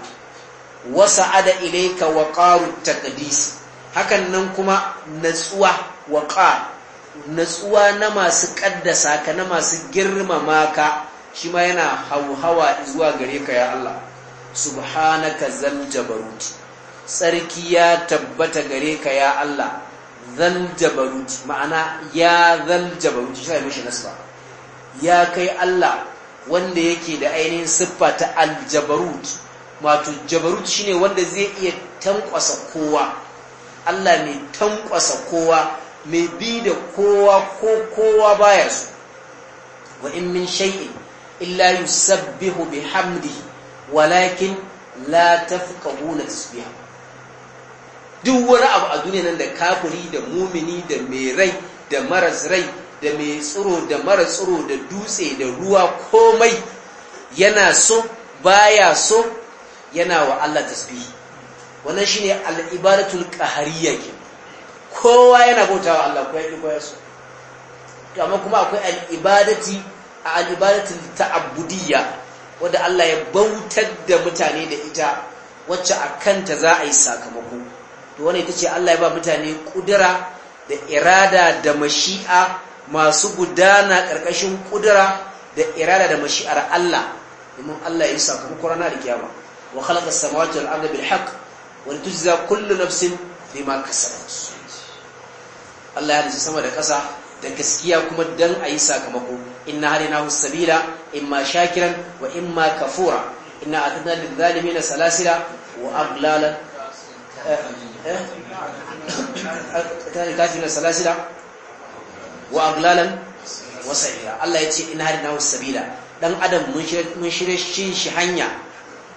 ada ilaika waqarut taqdis hakan nan kuma natsuwa waqar natsuwa na masu ƙaddasa ka na masu girmama ka shi ma yana hauhawa zuwa gare ka ya Allah subhanaka zal jabarut sarki ya tabbata gare ka ya Allah zal jabarut ma'ana ya zal jabarut shi sai mishi nasba ya kai Allah wanda yake da ainihin siffa ta al jabarut wato jabarut shine wanda zai iya tankwasa kowa Allah mai tankwasa kowa mai bi da kowa ko kowa baya so wa in min shay'in illa yusabbihu bihamdihi walakin la tafqahuna tasbih duk wani abu a duniya nan da kafiri da mumini da mai rai da maras rai da mai tsiro da maras tsiro da dutse da ruwa komai yana so baya so yana wa Allah tasbih wannan shine al-ibadatul qahariyya kowa yana bautawa Allah ko ya ki ko to amma kuma akwai al a al ta abudiyya wanda Allah ya bautar da mutane da ita wacce akanta za a yi sakamako to wannan ita ce Allah ya ba mutane kudura da irada da mashi'a masu gudana ƙarƙashin kudura da irada da mashi'ar Allah domin Allah ya yi sakamako rana da kiyama wa khalaqa as-samawati wal Wani bil haqq wa tujza kullu nafsin bima kasabat Allah ya dace sama da ƙasa da gaskiya kuma dan a yi sakamako inna hadinahu sabila imma shakiran wa ma kafura inna atadna lil zalimin salasila wa aghlala eh, eh kafina salasila wa aghlalan wa sa'ira Allah ya ce inna hadinahu sabila dan adam mun shirye shi hanya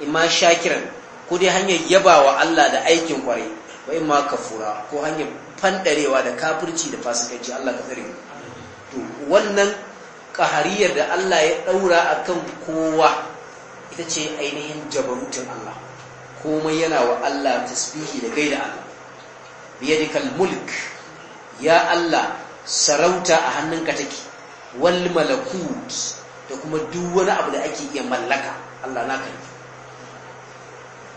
in ma shakiran ko dai hanyar yabawa Allah da aikin kwarai wa in ma kafura ko hanyar fandarewa da kafirci da fasikanci Allah ka tsare to wannan kahariyar da Allah ya ɗaura a kan kowa ita ce ainihin jabarutin Allah komai yana wa Allah tasbihi da gaida Allah biyadikal mulk ya Allah sarauta a hannunka take wal malakut da kuma duk wani abu da ake iya mallaka Allah naka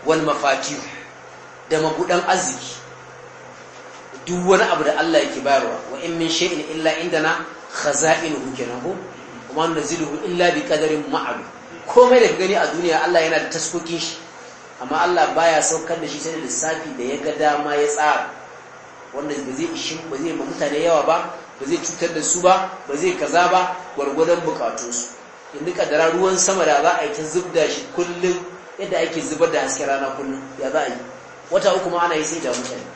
wal mafatih da magudan arziki duk wani abu da Allah yake bayarwa wa in min shay'in illa indana khaza'inuhu kenan ko kuma naziluhu illa bi qadarin ma'lum komai da gani a duniya Allah yana da taskokin shi amma Allah baya saukar da shi sai da lissafi da ya ga dama ya tsara wanda ba zai ishi ba zai ba mutane yawa ba ba zai cutar da su ba ba zai kaza ba gwargwadon bukatunsu yanzu kadara ruwan sama da za a yi ta zubda shi kullum yadda ake zubar da hasken rana kullum ya za a yi wata uku ma ana yi sai da mutane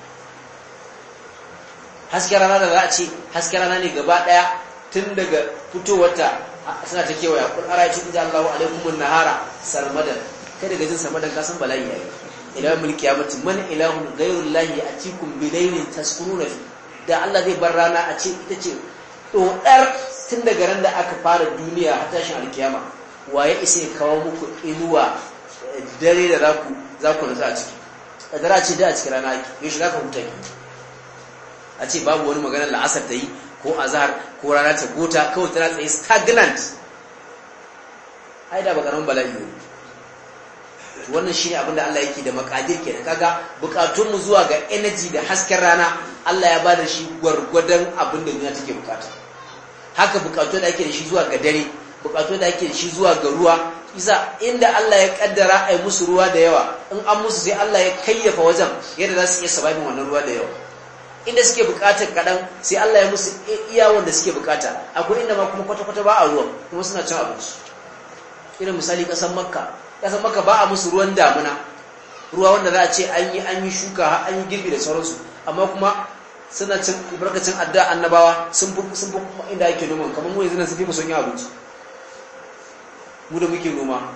Haske rana da za a ce haske rana ne gaba daya tun daga fitowarta suna ta kewaya kun ara ya cikin Allahu alaikumun nahara sarmadan kai daga jin sarmadan kasan bala'i yayi ila mulki ya mutu man ilahun ghayrul lahi atikum taskuru na fi da Allah zai bar rana a ce ita ce dodar tun daga ran da aka fara duniya har tashin alkiyama waye isa ya kawo muku inuwa eh, dare da za ku za ku nutsa a ciki kadara ce da a cikin rana yake yaushe za ka huta ki a ce babu wani magana la'asar ta yi ko azhar ko rana ta gota kawai tana tsaye stagnant haida da ba karamin bala'i ne wannan shi abin da Allah yake da makadir da kaga bukatun mu zuwa ga energy da hasken rana Allah ya bada shi gwargwadon abin da duniya take bukata haka bukatu da ake da shi zuwa ga dare bukatu da ake da shi zuwa ga ruwa isa inda Allah ya kaddara ai musu ruwa da yawa in an musu sai Allah ya kayyafa wajen yadda za su iya surviving wannan ruwa da yawa inda suke bukata kaɗan sai Allah ya musu iya wanda suke bukata akwai inda ma kuma kwata-kwata ba a ruwan kuma suna cin abinci irin misali kasan makka kasan makka ba a musu ruwan damuna ruwa wanda za a ce an yi an yi shuka an yi girbi da sauransu amma kuma suna cin barkacin addu'a annabawa sun fi sun fi inda ake noman kamar mu yanzu nan sun fi mu son yin abinci mu da muke noma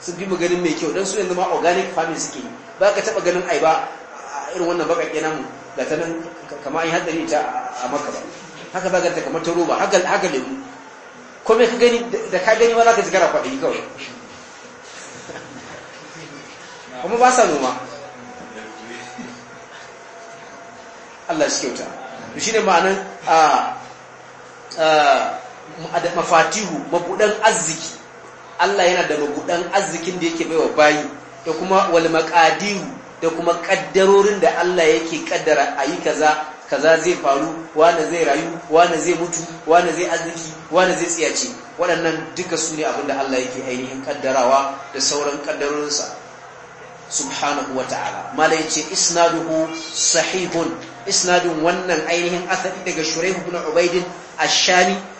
sun fi mu ganin mai kyau dan su yanzu ma organic farming suke ba ka taɓa ganin ai ba irin wannan kenan mu ga ta nan kama yi haddari ta a maka ba haka ba ka ta kamar ta roba haka haka lemu komai ka gani da ka gani ma za ka ji gara kwaɗayi kawai (laughs) kuma ba sa noma Allah shi kyauta shi ne ma'anin mafatihu mabudan arziki Allah yana da mabudan arzikin da yake baiwa bayi da kuma wal maqadiru da kuma kaddarorin da Allah yake kaddara yi kaza kaza zai faru wane zai rayu wane zai mutu wane zai arziki wane zai tsiyace waɗannan duka su ne abinda Allah yake ainihin kaddarawa da sauran kaddarorinsa subhanahu wa ta'ala mala yace isnaduhu sahihun isnadun wannan ainihin asali daga shuraihu ibn ubaidin ash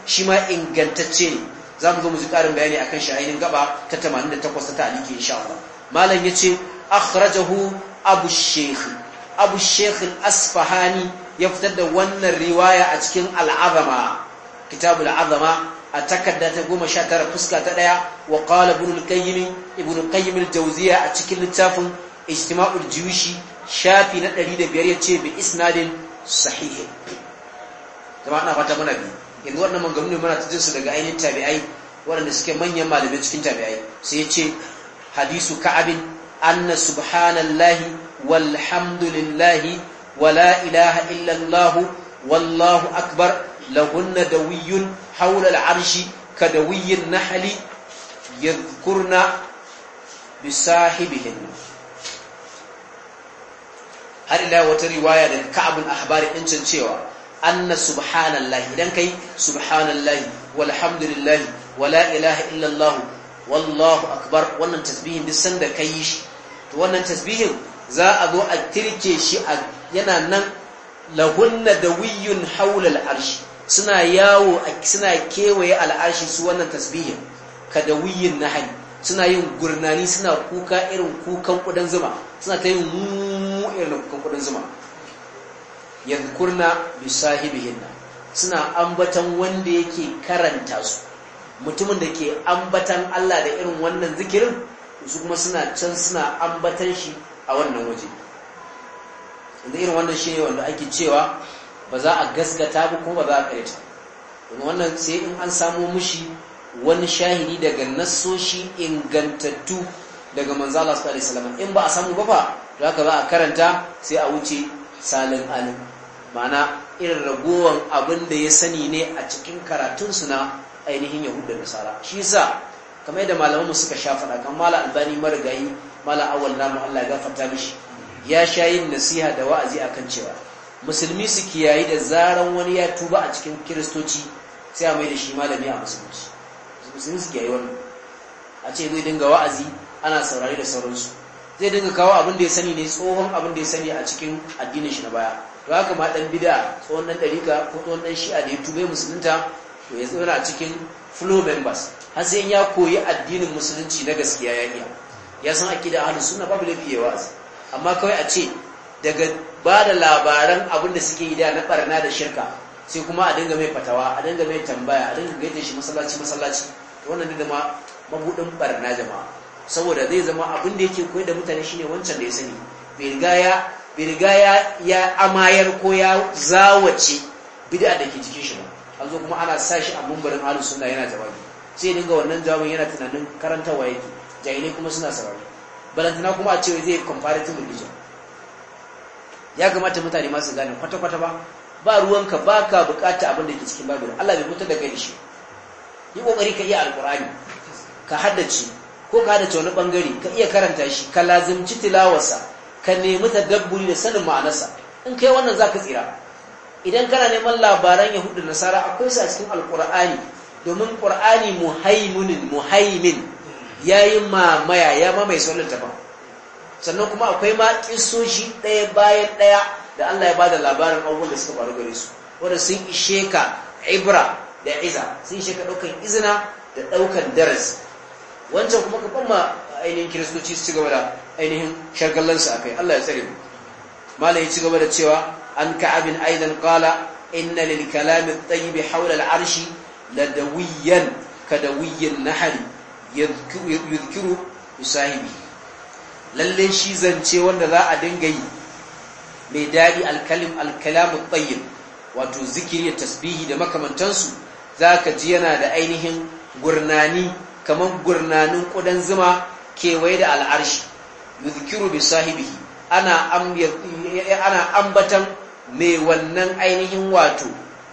shi ma ingantacce ne zamu zo mu ji bayani akan shi ainihin gaba ta 88 ta ta'aliki insha Allah malam yace akhrajahu abu sheikh abu sheikh asfahani ya fitar da wannan riwaya a cikin al'azama kitabul azama a takarda ta goma sha tara fuska ta ɗaya wa qala ibn al-qayyim ibn al-qayyim al-jawziya a cikin littafin ijtima'ul juyushi shafi na 105 yace bi isnadin sahih jama'a na fata muna bi yanzu wannan mangamu ne muna tijin su daga ainihin tabi'ai waɗanda suke manyan malamai cikin tabi'ai sai ya ce hadisu ka'abin anna subhanallahi walhamdulillahi wala ilaha illallah wallahu akbar lahunna dawiyyun hawla al'arshi ka dawiyyin nahli yadhkurna bi sahibihin har ila wata riwaya daga ka'abul ahbari ɗincin cewa anna subhanallahi idan kai subhanallahi walhamdulillahi wala ilaha illallahu wallahu akbar wannan tasbihin duk sanda yi shi to wannan tasbihin za a zo a tirke shi a yana nan lahunna da wiyun haulal arshi suna yawo suna kewaye al'arshi su wannan tasbihin ka da na nahali suna yin gurnani suna kuka irin kukan kudan zuma suna ta yin mummu irin kukan kudan zuma yankurna bi sahibihinna suna ambatan wanda yake karanta su mutumin da ke ambatan Allah da irin wannan zikirin su kuma suna can suna ambatan shi a wannan waje inda irin wannan shi ne wanda ake cewa ba za a gaskata ba kuma ba za a karyata kuma wannan sai in an samo mushi wani shahidi daga nassoshi ingantattu daga manzala su ɗari salama in ba a samu ba ba to haka za a karanta sai a wuce salin alim ma'ana irin ragowar abin da ya sani ne a cikin karatunsu na ainihin yahudu da nasara shi sa kamar yadda malamanmu suka sha faɗa kan mala albani marigayi mala awal namu Allah gafarta mishi ya sha yin nasiha da wa'azi akan cewa musulmi su kiyayi da zaran wani ya tuba a cikin kiristoci sai a mai da shi malami a musulunci musulmi su kiyayi wannan a ce zai dinga wa'azi ana saurari da sauransu zai dinga kawo abin da ya sani ne tsohon abin da ya sani a cikin addinin shi na baya to haka ma dan bida tsohon dan dariƙa ko tsohon dan shi'a da ya tuba musulunta to ya zauna a cikin flow members har sai ya koyi addinin musulunci na gaskiya ya iya ya san akida ahlus sunna babu lafi ya wasu amma kawai a ce daga ba da labaran abin da suke yi da na barna da shirka sai kuma a dinga mai fatawa a dinga mai tambaya a dinga gaita shi masallaci masallaci to wannan ne ma mabudin barna jama'a saboda zai zama abin da yake koyar da mutane shine wancan da ya sani bai riga ya bai riga ya ya amayar ko ya zawace bid'a da ke cikin shi ba an zo kuma ana sa shi a mumbarin ahlus sunna yana jawabi sai dinga wannan jawabin yana tunanin karantarwa yake jahilai kuma suna sarari balantana kuma a ce zai comparative religion ya kamata mutane masu gane kwata-kwata ba ba ruwanka ba ka bukata abin da ke cikin babin Allah bai mutu da gani shi yi kokari ka iya alkurani ka haddace ko ka haddace wani bangare ka iya karanta shi ka lazimci tilawarsa ka nemi tadabburi da sanin ma'anarsa in kai wannan zaka tsira idan kana neman labaran yahudu nasara akwai su a cikin alkur'ani domin ƙur'ani muhaimunin muhaimin yayi mamaya ya mamaye sauran ta ba sannan kuma akwai ma ɗaya bayan ɗaya da Allah ya ba da labarin abubuwan da suka faru gare su wanda sun ishe ka ibra da iza sun ishe ka ɗaukan izina da ɗaukan darasi wancan kuma ka kuma ainihin kiristoci su ci gaba da ainihin shagallansu a kai Allah ya tsare mu malam ya ci gaba da cewa an ka'abin aidan qala inna lil kalami at-tayyib hawla al-arshi ladawiyan kadawiyin nahari yuzkiru usahibi lalle shi zance wanda za a dinga yi mai daɗi alkalim alkalamun tsayin wato zikiri da tasbihi da makamantansu za ka ji yana da ainihin gurnani kamar gurnanin ƙudan zuma kewaye da al'arshi yuzkiru bi sahibihi ana ambatan mai wannan ainihin wato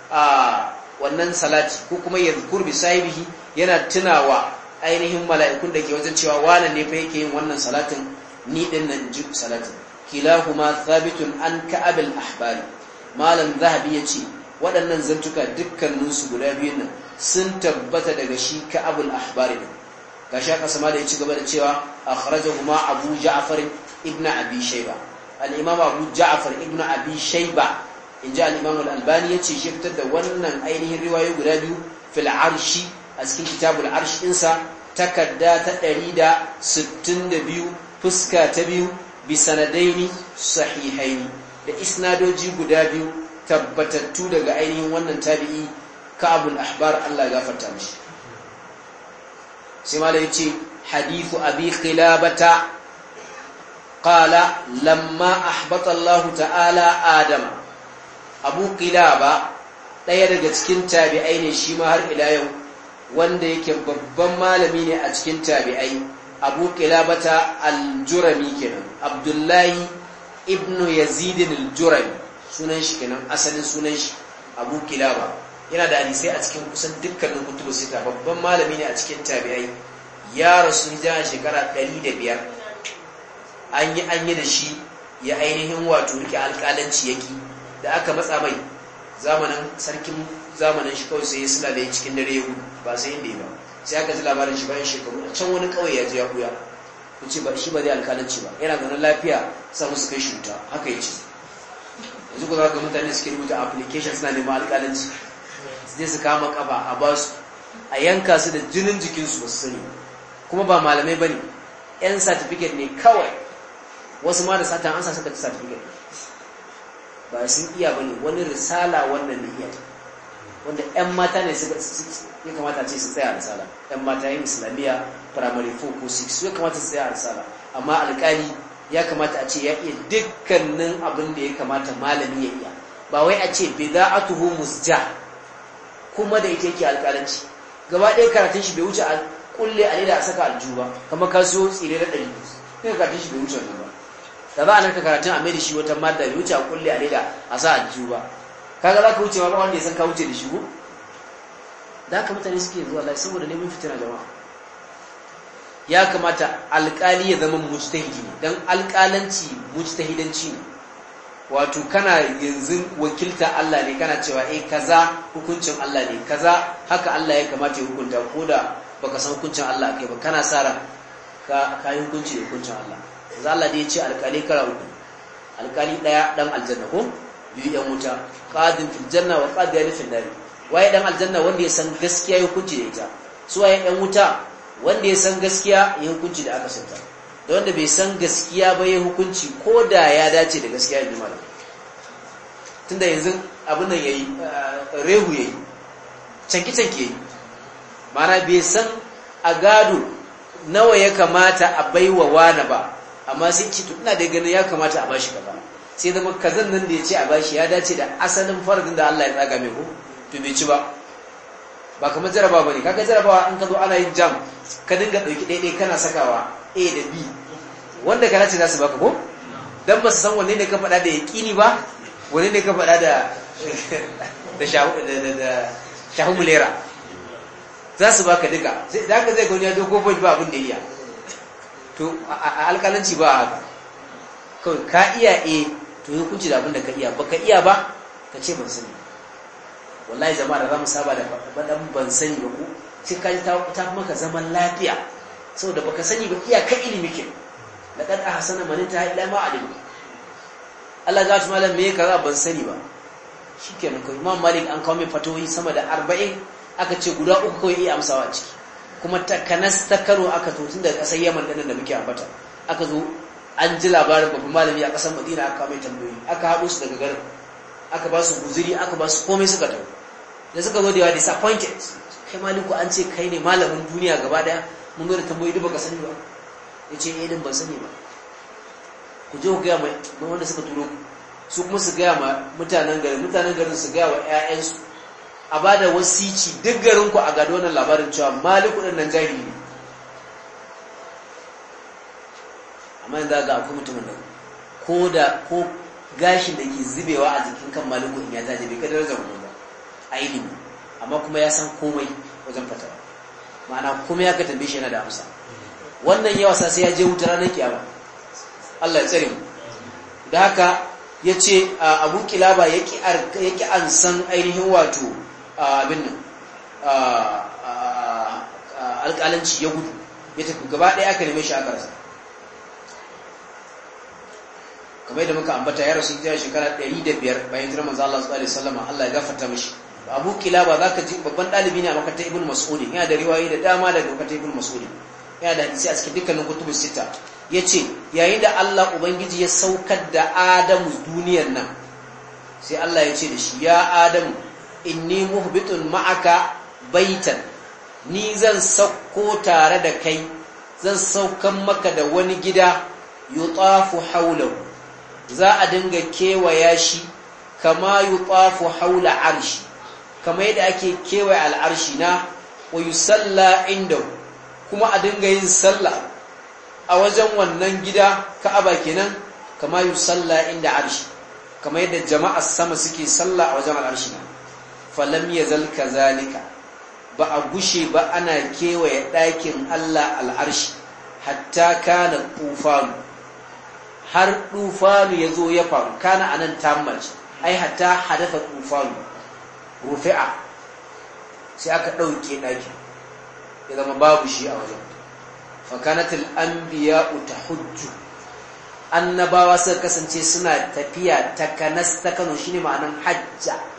a wannan salati ko kuma ya zukur bi sahibihi yana tunawa ainihin mala'ikun da ke wajen cewa wane ne fa yake yin wannan salatin ni din nan ji salatin kilahuma thabitun an ka'abil ahbari malam zahabi ya ce waɗannan zantuka dukkaninsu guda biyun nan sun tabbata daga shi ka'abul ahbari din gashi aka sama da ya ci gaba da cewa akhrajahuma abu ja'far ibn abi shayba al-imam abu ja'far ibn abi shayba in ji al'imamu al'albani ya ce shi fitar da wannan ainihin riwayo guda biyu fil arshi a cikin kitabul arshi ɗinsa takarda ta 162 fuska ta biyu bisanadaini sahihaini da isnadoji guda biyu tabbatattu daga ainihin wannan tabi'i ka'abul ahbar Allah gafarta mishi sai malai yace hadithu abi khilabata qala lamma ahbata Allah ta'ala adama abu ba ɗaya daga cikin tabi'ai ne shi ma har ila yau wanda yake babban malami ne a cikin tabi'ai abu ta aljurami kenan abdullahi ibnu yazidin aljurami sunan shi kenan asalin sunan shi abu ba yana da alisai a cikin kusan dukkanin kutubu sita babban malami ne a cikin tabi'ai ya rasu jihar shekara ɗari an yi an yi da shi ya ainihin wato rike alƙalanci yaki da aka matsa mai zamanin sarkin zamanin shi kawai sai ya da cikin dare ya gudu ba sai inda ya ba sai aka ji labarin shi bayan shekaru a can wani kawai ya ji ya kuya ku ce ba shi ba zai alkalanci ba yana zaune lafiya sa musu kai shuta haka ya ce yanzu ku za ka mutane suke rubuta application suna neman alkalanci zai su kama kafa a ba su a yanka su da jinin jikinsu ba su sani kuma ba malamai ba ne 'yan certificate ne kawai wasu ma da satan an sa suka ci certificate ba sun iya bane wani risala wannan da iya wanda 'yan mata ne suka ya kamata ce su tsaya a risala 'yan mata yin islamiyya primary 4 ko 6 su ya kamata su tsaya a risala amma alƙali ya kamata a ce ya iya dukkanin abin da ya kamata malami ya iya ba wai a ce bida'atuhu musja kuma da ita yake alƙalanci gaba ɗaya karatun shi bai wuce a kulle a ne da a saka aljuba kamar ka tsire da ɗari ne karatun shi bai wuce ba da za a narka karatun a mai da shi wata madda bai wuce a kulle a leda a sa a jiyu ba kaga za ka wuce ba wanda ya san ka wuce da shi da haka mutane suke zuwa lai saboda neman fitina jama'a ya kamata alkali ya zama mustahidi don dan alkalanci mustahidanci ne wato kana yanzu wakilta Allah ne kana cewa eh kaza hukuncin Allah ne kaza haka Allah ya kamata ya hukunta ko da baka san hukuncin Allah kai ba kana sara ka kai hukunci da hukuncin Allah za Allah da ya ce alkali kara uku alkali daya dan aljanna ko biyu yan wuta qadin fil janna wa qadiyan fil nar waye dan aljanna wanda ya san gaskiya ya hukunci da ita su waye yan wuta wanda ya san gaskiya ya hukunci da aka santa da wanda bai san gaskiya ba ya hukunci ko da ya dace da gaskiya ya malam tunda yanzu abin nan yayi eh, rehu yayi canki canki yayi mana bai san a gado nawa ya kamata a baiwa wani ba amma sai ce to ina da ganin ya kamata a bashi gaba sai zama kazan nan da ya ce a bashi ya dace da asalin farzin da Allah ya tsaga mai ko to bai ci ba ba kamar jaraba bane kaga jarabawa in ka zo ana yin jam ka dinga dauki daidai kana sakawa A da B wanda ka nace za su baka ko dan ba su san wanne ne ka faɗa da yaqini ba wanne ne ka faɗa (laughs) da da shahu mulera za su baka duka da haka zai gani ya doko point ba abin da iya to a alƙalanci ba haka kawai ka iya e to yi kunci da abin da ka iya ba ka iya ba ka ce ban sani wallahi zama da za mu saba da faɗan ban sani ba ku ci ka ji ta maka zaman lafiya saboda baka sani ba iya ka ilimi ke ɗan ahsana man ta ila ma alim Allah za ta malam me kaza ban sani ba shikenan kawai Imam Malik an kawo mai fatoyi sama da arba'in aka ce guda uku kawai iya amsawa ciki kuma kanas ta kano aka zo tun daga ƙasar yaman ɗanan da muke ambata aka zo an ji labarin babban malami a ƙasar madina aka mai tambayoyi aka haɗo su daga garin aka ba su guziri aka ba su komai suka tafi da suka zo da yawa disappointed kai maliku an ce kai ne malamin duniya gaba daya mun gani tambayoyi duk baka sani ba ya ce eh din ban sani ba ku je ku gaya ma wanda suka turo su kuma su gaya ma mutanen garin mutanen garin su gaya wa 'ya'yansu a ba da wasici duk garinku a gado wannan labarin cewa maliku ɗin nan jari ne amma yanzu ga akwai mutumin da ko da ko gashin da ke zubewa a jikin kan maliku in ya zaje bai kadar zama ba a ilimi amma kuma ya san komai wajen fatara ma'ana kuma ya ka tambaye shi yana da amsa wannan yawa sai ya je wuta ranar kiyama Allah ya tsare mu da haka ya ce abu kilaba ya ƙi an san ainihin wato abin nan alƙalanci ya gudu ya tafi gaba ɗaya aka neme shi aka rasa kamar yadda muka ambata ya rasu ta shekara biyar. bayan jiran manzo Allah sallallahu alaihi wasallam Allah ya gafarta mishi Abu Kilaba zaka ji babban ɗalibi ne a makata Ibn Mas'ud yana da riwayoyi da dama daga makata Ibn Mas'ud yana da hadisi a cikin dukkanin kutubu sita yace yayin da Allah ubangiji ya saukar da Adamu duniyar nan sai Allah ya ce da shi ya Adamu inni muhbitun ma'aka baitan ni zan sauko tare da kai zan saukan maka da wani gida yutafu haulau za a dinga kewaya shi kama yutafu haula arshi kama yadda ake kewaya al'arshi na wa yusalla inda kuma a dinga yin sallah a wajen wannan gida ka'aba kenan kama yusalla inda arshi kama yadda jama'a sama suke sallah a wajen al'arshi na falam ya zalka zalika ba a gushe ba ana kewaye ɗakin Allah al'arshi hatta kana tufanu har tufanu ya zo ya faru kana a nan tammaci ai hatta hadafa tufanu rufi'a sai aka ɗauke ɗakin ya zama babu shi a wajen fakanatul anbiya'u tahujju annabawa suka kasance suna tafiya takanas shi ne ma'anin hajja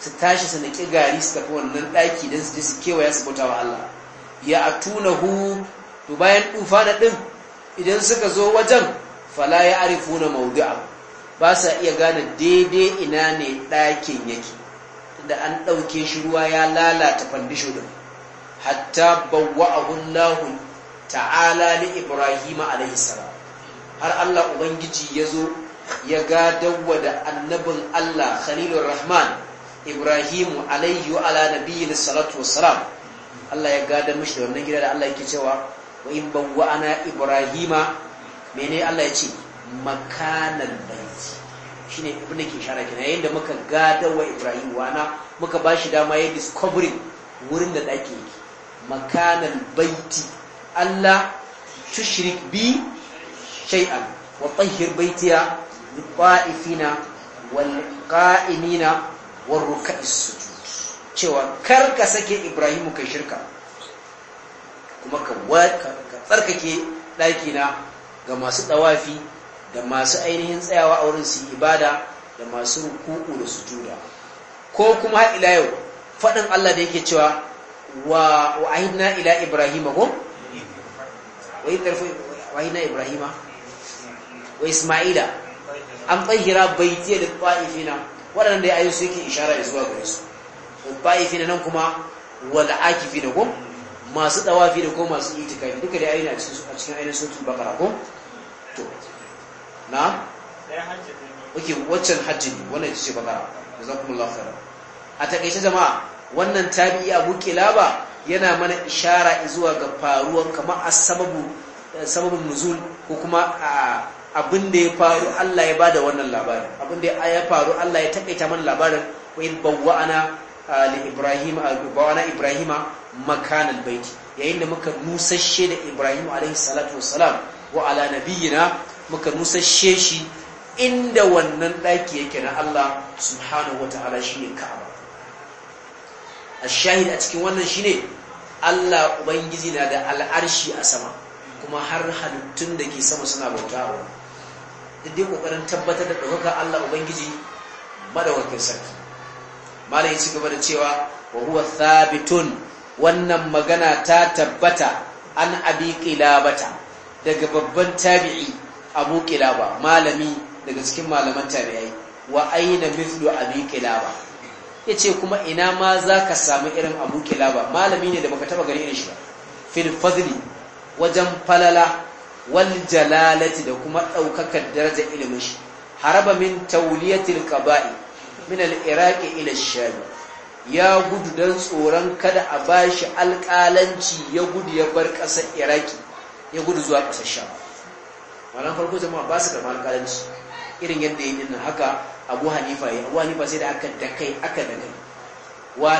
su tashi su naki gari su tafi wannan ɗaki don su je su kewaya su bauta wa Allah ya atuna hu to bayan na din idan suka zo wajen fala ya arifuna Maudu'a. ba sa iya gane daidai ina ne ɗakin yake da an ɗauke shi ruwa ya lalata fandisho din hatta bawwa Allah ta'ala li Ibrahim alayhi salam har Allah ubangiji yazo ya gadawwa da annabin Allah Khalilur Rahman ibrahimu alayhi wa ala nabiyyi salatu wassalam Allah ya gada mishi da wannan gida da Allah yake cewa wa in bawwa ana ibrahima mene Allah ya ce makanan baiti shine da ke shara kina yayin da muka gada wa ibrahim wana muka bashi dama ya discovery wurin da dake yake makanan baiti Allah tushrik bi shay'an wa tahhir baitiya wal qa'imina war ruka'i cewa kar ka sake ibrahimu kai shirka kuma ka tsarkake ɗakina ga masu ɗawafi da masu ainihin tsayawa a wurin su ibada da masu ruku'u da sujuda ko kuma ila yau faɗin Allah da yake cewa wa ahidna ila ibrahima ko wa ibrahima wa isma'ila an tsahira baitiya da ta'ifina waɗannan da ya ayo su yake ishara zuwa gare su ba'ifi fi nan kuma wal akifi na gum masu dawafi da ko masu itikafi duka ya ayyana a cikin ainihin sautul bakara ko to na oke waccan hajji ne wannan ce bakara jazakumullahu khairan a taƙaice jama'a wannan tabi'i abu ba yana mana ishara zuwa ga faruwar kamar a sababu eh, sababun nuzul ko kuma a ah, abin da ya faru Allah ya bada wannan labarin abin da ya faru Allah ya takaita mana labarin wa in ana li ibrahim al-bawana ibrahima makanal bait yayin da muka nusashe da ibrahim alayhi salatu wassalam wa ala nabiyyina muka nusashe shi inda wannan daki yake na Allah subhanahu wataala shine Ka'aba ashahid a cikin wannan shine Allah ubangiji na da al'arshi a sama kuma har halittun da ke sama suna bauta wa da dai kokarin tabbatar da ɗaukaka Allah Ubangiji madawakin sarki malai ci gaba da cewa wa huwa thabitun wannan magana ta tabbata an abi kilabata daga babban tabi'i abu kilaba malami daga cikin malaman tabi'ai wa aina mithlu abi qilaba yace kuma ina ma za ka samu irin abu kilaba malami ne da baka taba gani irin shi ba fil fadli wajen falala wal jalalati da kuma daukakar daraja ilimin shi haraba min tawliyatil qaba'i min al iraqi ila sham ya gudu dan tsoron kada a bashi alƙalanci ya gudu ya bar ƙasar iraki ya gudu zuwa ƙasar sham malan farko jama'a ba su da alƙalanci irin yadda yi nan haka abu hanifa ya abu hanifa sai da aka dakai aka dakai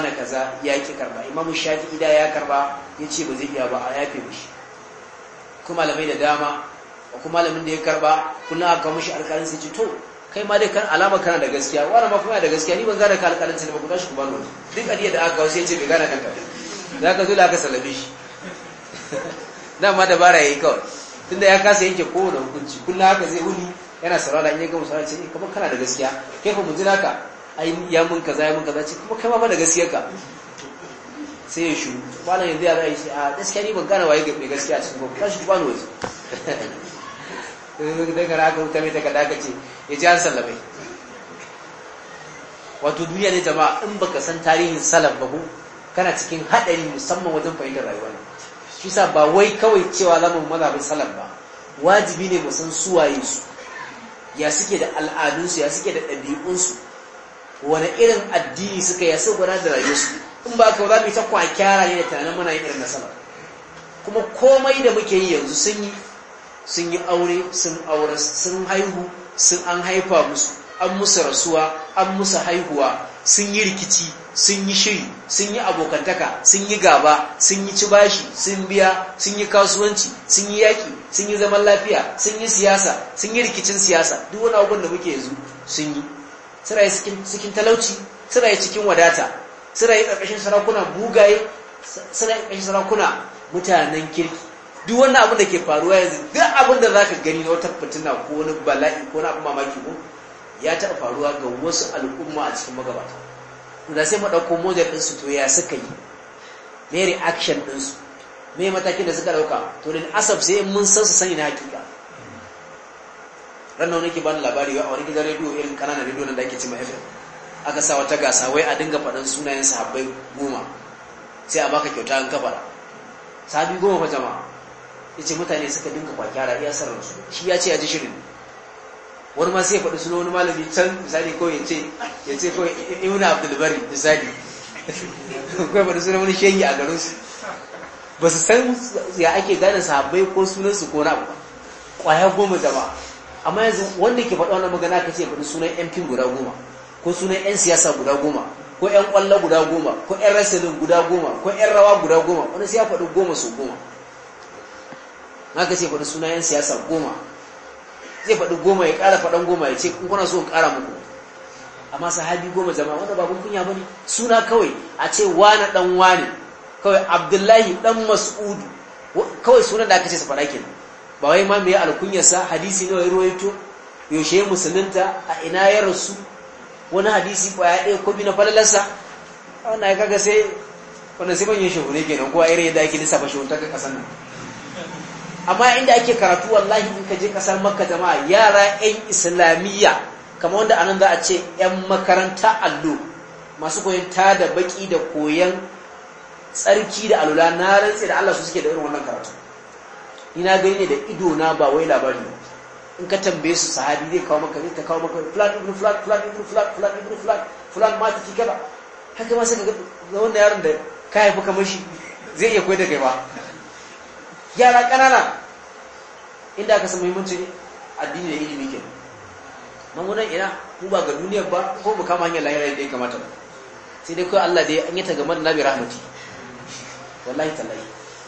na kaza ya ki karba imamu shafi'i da ya karba ya ce ba zai iya ba a yafe mishi kuma malamai da dama kuma malamin da ya karba kuna aka mushi alƙalin sai ce to kai ma dai kan alama kana da gaskiya wani ma kuma da gaskiya ni ban gane ka alƙalin sai ba ku tashi ku bani wani duk aliyar da aka kawo sai ce bai gane kanka za ka zo da aka salabe shi nan (laughs) ma dabara ya yi kawai tunda ya kasa yanke kowane hukunci kullum haka zai wuni yana saurara in ya gama saurara ce eh, kuma kana da gaskiya kai fa mu jira ka ai ya mun kaza ya mun kaza ce kuma kai ma da gaskiya ka sai ya shuru malam yanzu ya zai ce a gaskiya ni ban gane waye ga gaskiya a cikin gobe tashi wasu waje (laughs) daga raka wuta mai takarda ka ce ya ji an sallabai wato duniya ne jama'a in baka san tarihin salaf ba ku kana cikin haɗari musamman wajen fahimtar rayuwa ne shi sa ba wai kawai cewa zama mazabin salaf ba wajibi ne mu san suwaye su ya suke da al'adunsu ya suke da ɗabi'unsu wani irin addini suka ya sauƙa da rayuwarsu in ba ka za mu yi ta kwakyara ne da tunanin muna yin irin nasara kuma komai da muke yi yanzu sun yi sun yi aure sun aure sun haihu sun an haifa musu an musu rasuwa an musu haihuwa sun yi rikici sun yi shiri sun yi abokantaka sun yi gaba sun yi cibashi sun biya sun yi kasuwanci sun yi yaƙi sun yi zaman lafiya sun yi siyasa sun yi rikicin siyasa duk wani abubuwan da muke yanzu sun yi suna cikin talauci suna cikin wadata suna yi ƙarƙashin sarakuna bugaye suna yi ƙarƙashin sarakuna mutanen kirki duk wani abin da ke faruwa yanzu duk abin da za ka gani na wata fitina ko wani bala'i ko wani abin mamaki ko ya taɓa faruwa ga wasu al'umma a cikin magabata da sai maɗauko model ɗinsu to ya suka yi me reaction su me matakin da suka ɗauka to da asab sai mun san su sani na hakika ran wani ke ba labari a wani gidan rediyo irin ƙananan rediyo nan da ake cima fm aka sa wata gasa wai a dinga faɗin sunayen sahabbai goma sai a baka kyauta an kafa sahabi goma fa jama'a yace mutane suka dinga kwakyara iya sarar su shi ya ce ya ji shirin wani ma sai ya faɗi sunan wani malami can misali ko ya ce ya ce ko ibn abdul bari misali (laughs) ko faɗi sunan wani shehi a garin su ba su san ya ake gane sahabbai ko sunan su ko na ba kwaya goma jama'a amma yanzu wanda ke faɗi wannan magana ka ce faɗi sunan yan guda goma ko sunan 'yan siyasa guda goma ko 'yan kwallo guda goma ko 'yan rasilin guda goma ko 'yan rawa guda goma wani sai ya faɗi goma su goma ka ce faɗi sunan 'yan siyasa goma zai faɗi goma ya ƙara faɗan goma ya ce kuna so ƙara muku amma sahabi goma zama wanda ba kunya bane suna kawai a ce wane ɗan wane kawai abdullahi ɗan mas'udu kawai sunan da aka ce su faɗa kenan ba wai ma mai alkunyarsa hadisi ne ya ruwaito yaushe musulunta a ina ya rasu wani hadisi ko kwaya ɗaya ko bi na falalarsa wannan ya kaga sai wanda sai manyan shehu ne kenan a irin yadda ake lissafa shehu ta kasan nan amma inda ake karatu wallahi in ka je kasar makka jama'a yara yan islamiyya kamar wanda anan za a ce yan makaranta allo masu koyon ta da baki da koyon tsarki da alula na rantse da Allah su suke da irin wannan karatu ina gani ne da ido na ba wai labari ba in ka tambaye su sahabi zai kawo maka zai ta kawo maka flat ibn flat flat ibn flat flat ibn flat flat ma ta kika ba haka ma sai ka ga wannan yaron da ka haifi kamar shi zai iya koyar da kai ba yara kanana inda aka san muhimmancin addini da ilimi ke gudan ina mu ba ga duniya ba ko mu kama hanyar lahira da ya kamata ba sai dai kawai Allah da ya yi ta gamar nabi rahmati wallahi tallahi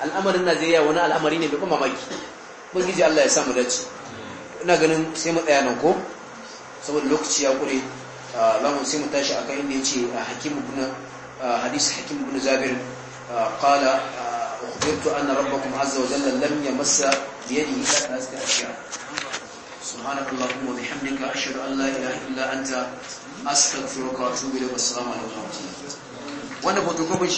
al'amarin na zai yi wani al'amari ne bai kuma mamaki ubangiji Allah ya samu dace ina ganin sai mu tsaya nan ko saboda lokaci ya kure lamun sai mu tashi akan inda yace hakim ibn hadis hakim ibn zabir qala ukhbirtu anna rabbakum azza wa jalla lam yamassa bi yadihi rizqa ashiya سبحانك اللهم وبحمدك أشهد أن لا إله إلا أنت أستغفرك وأتوب إليك والسلام عليكم ورحمة الله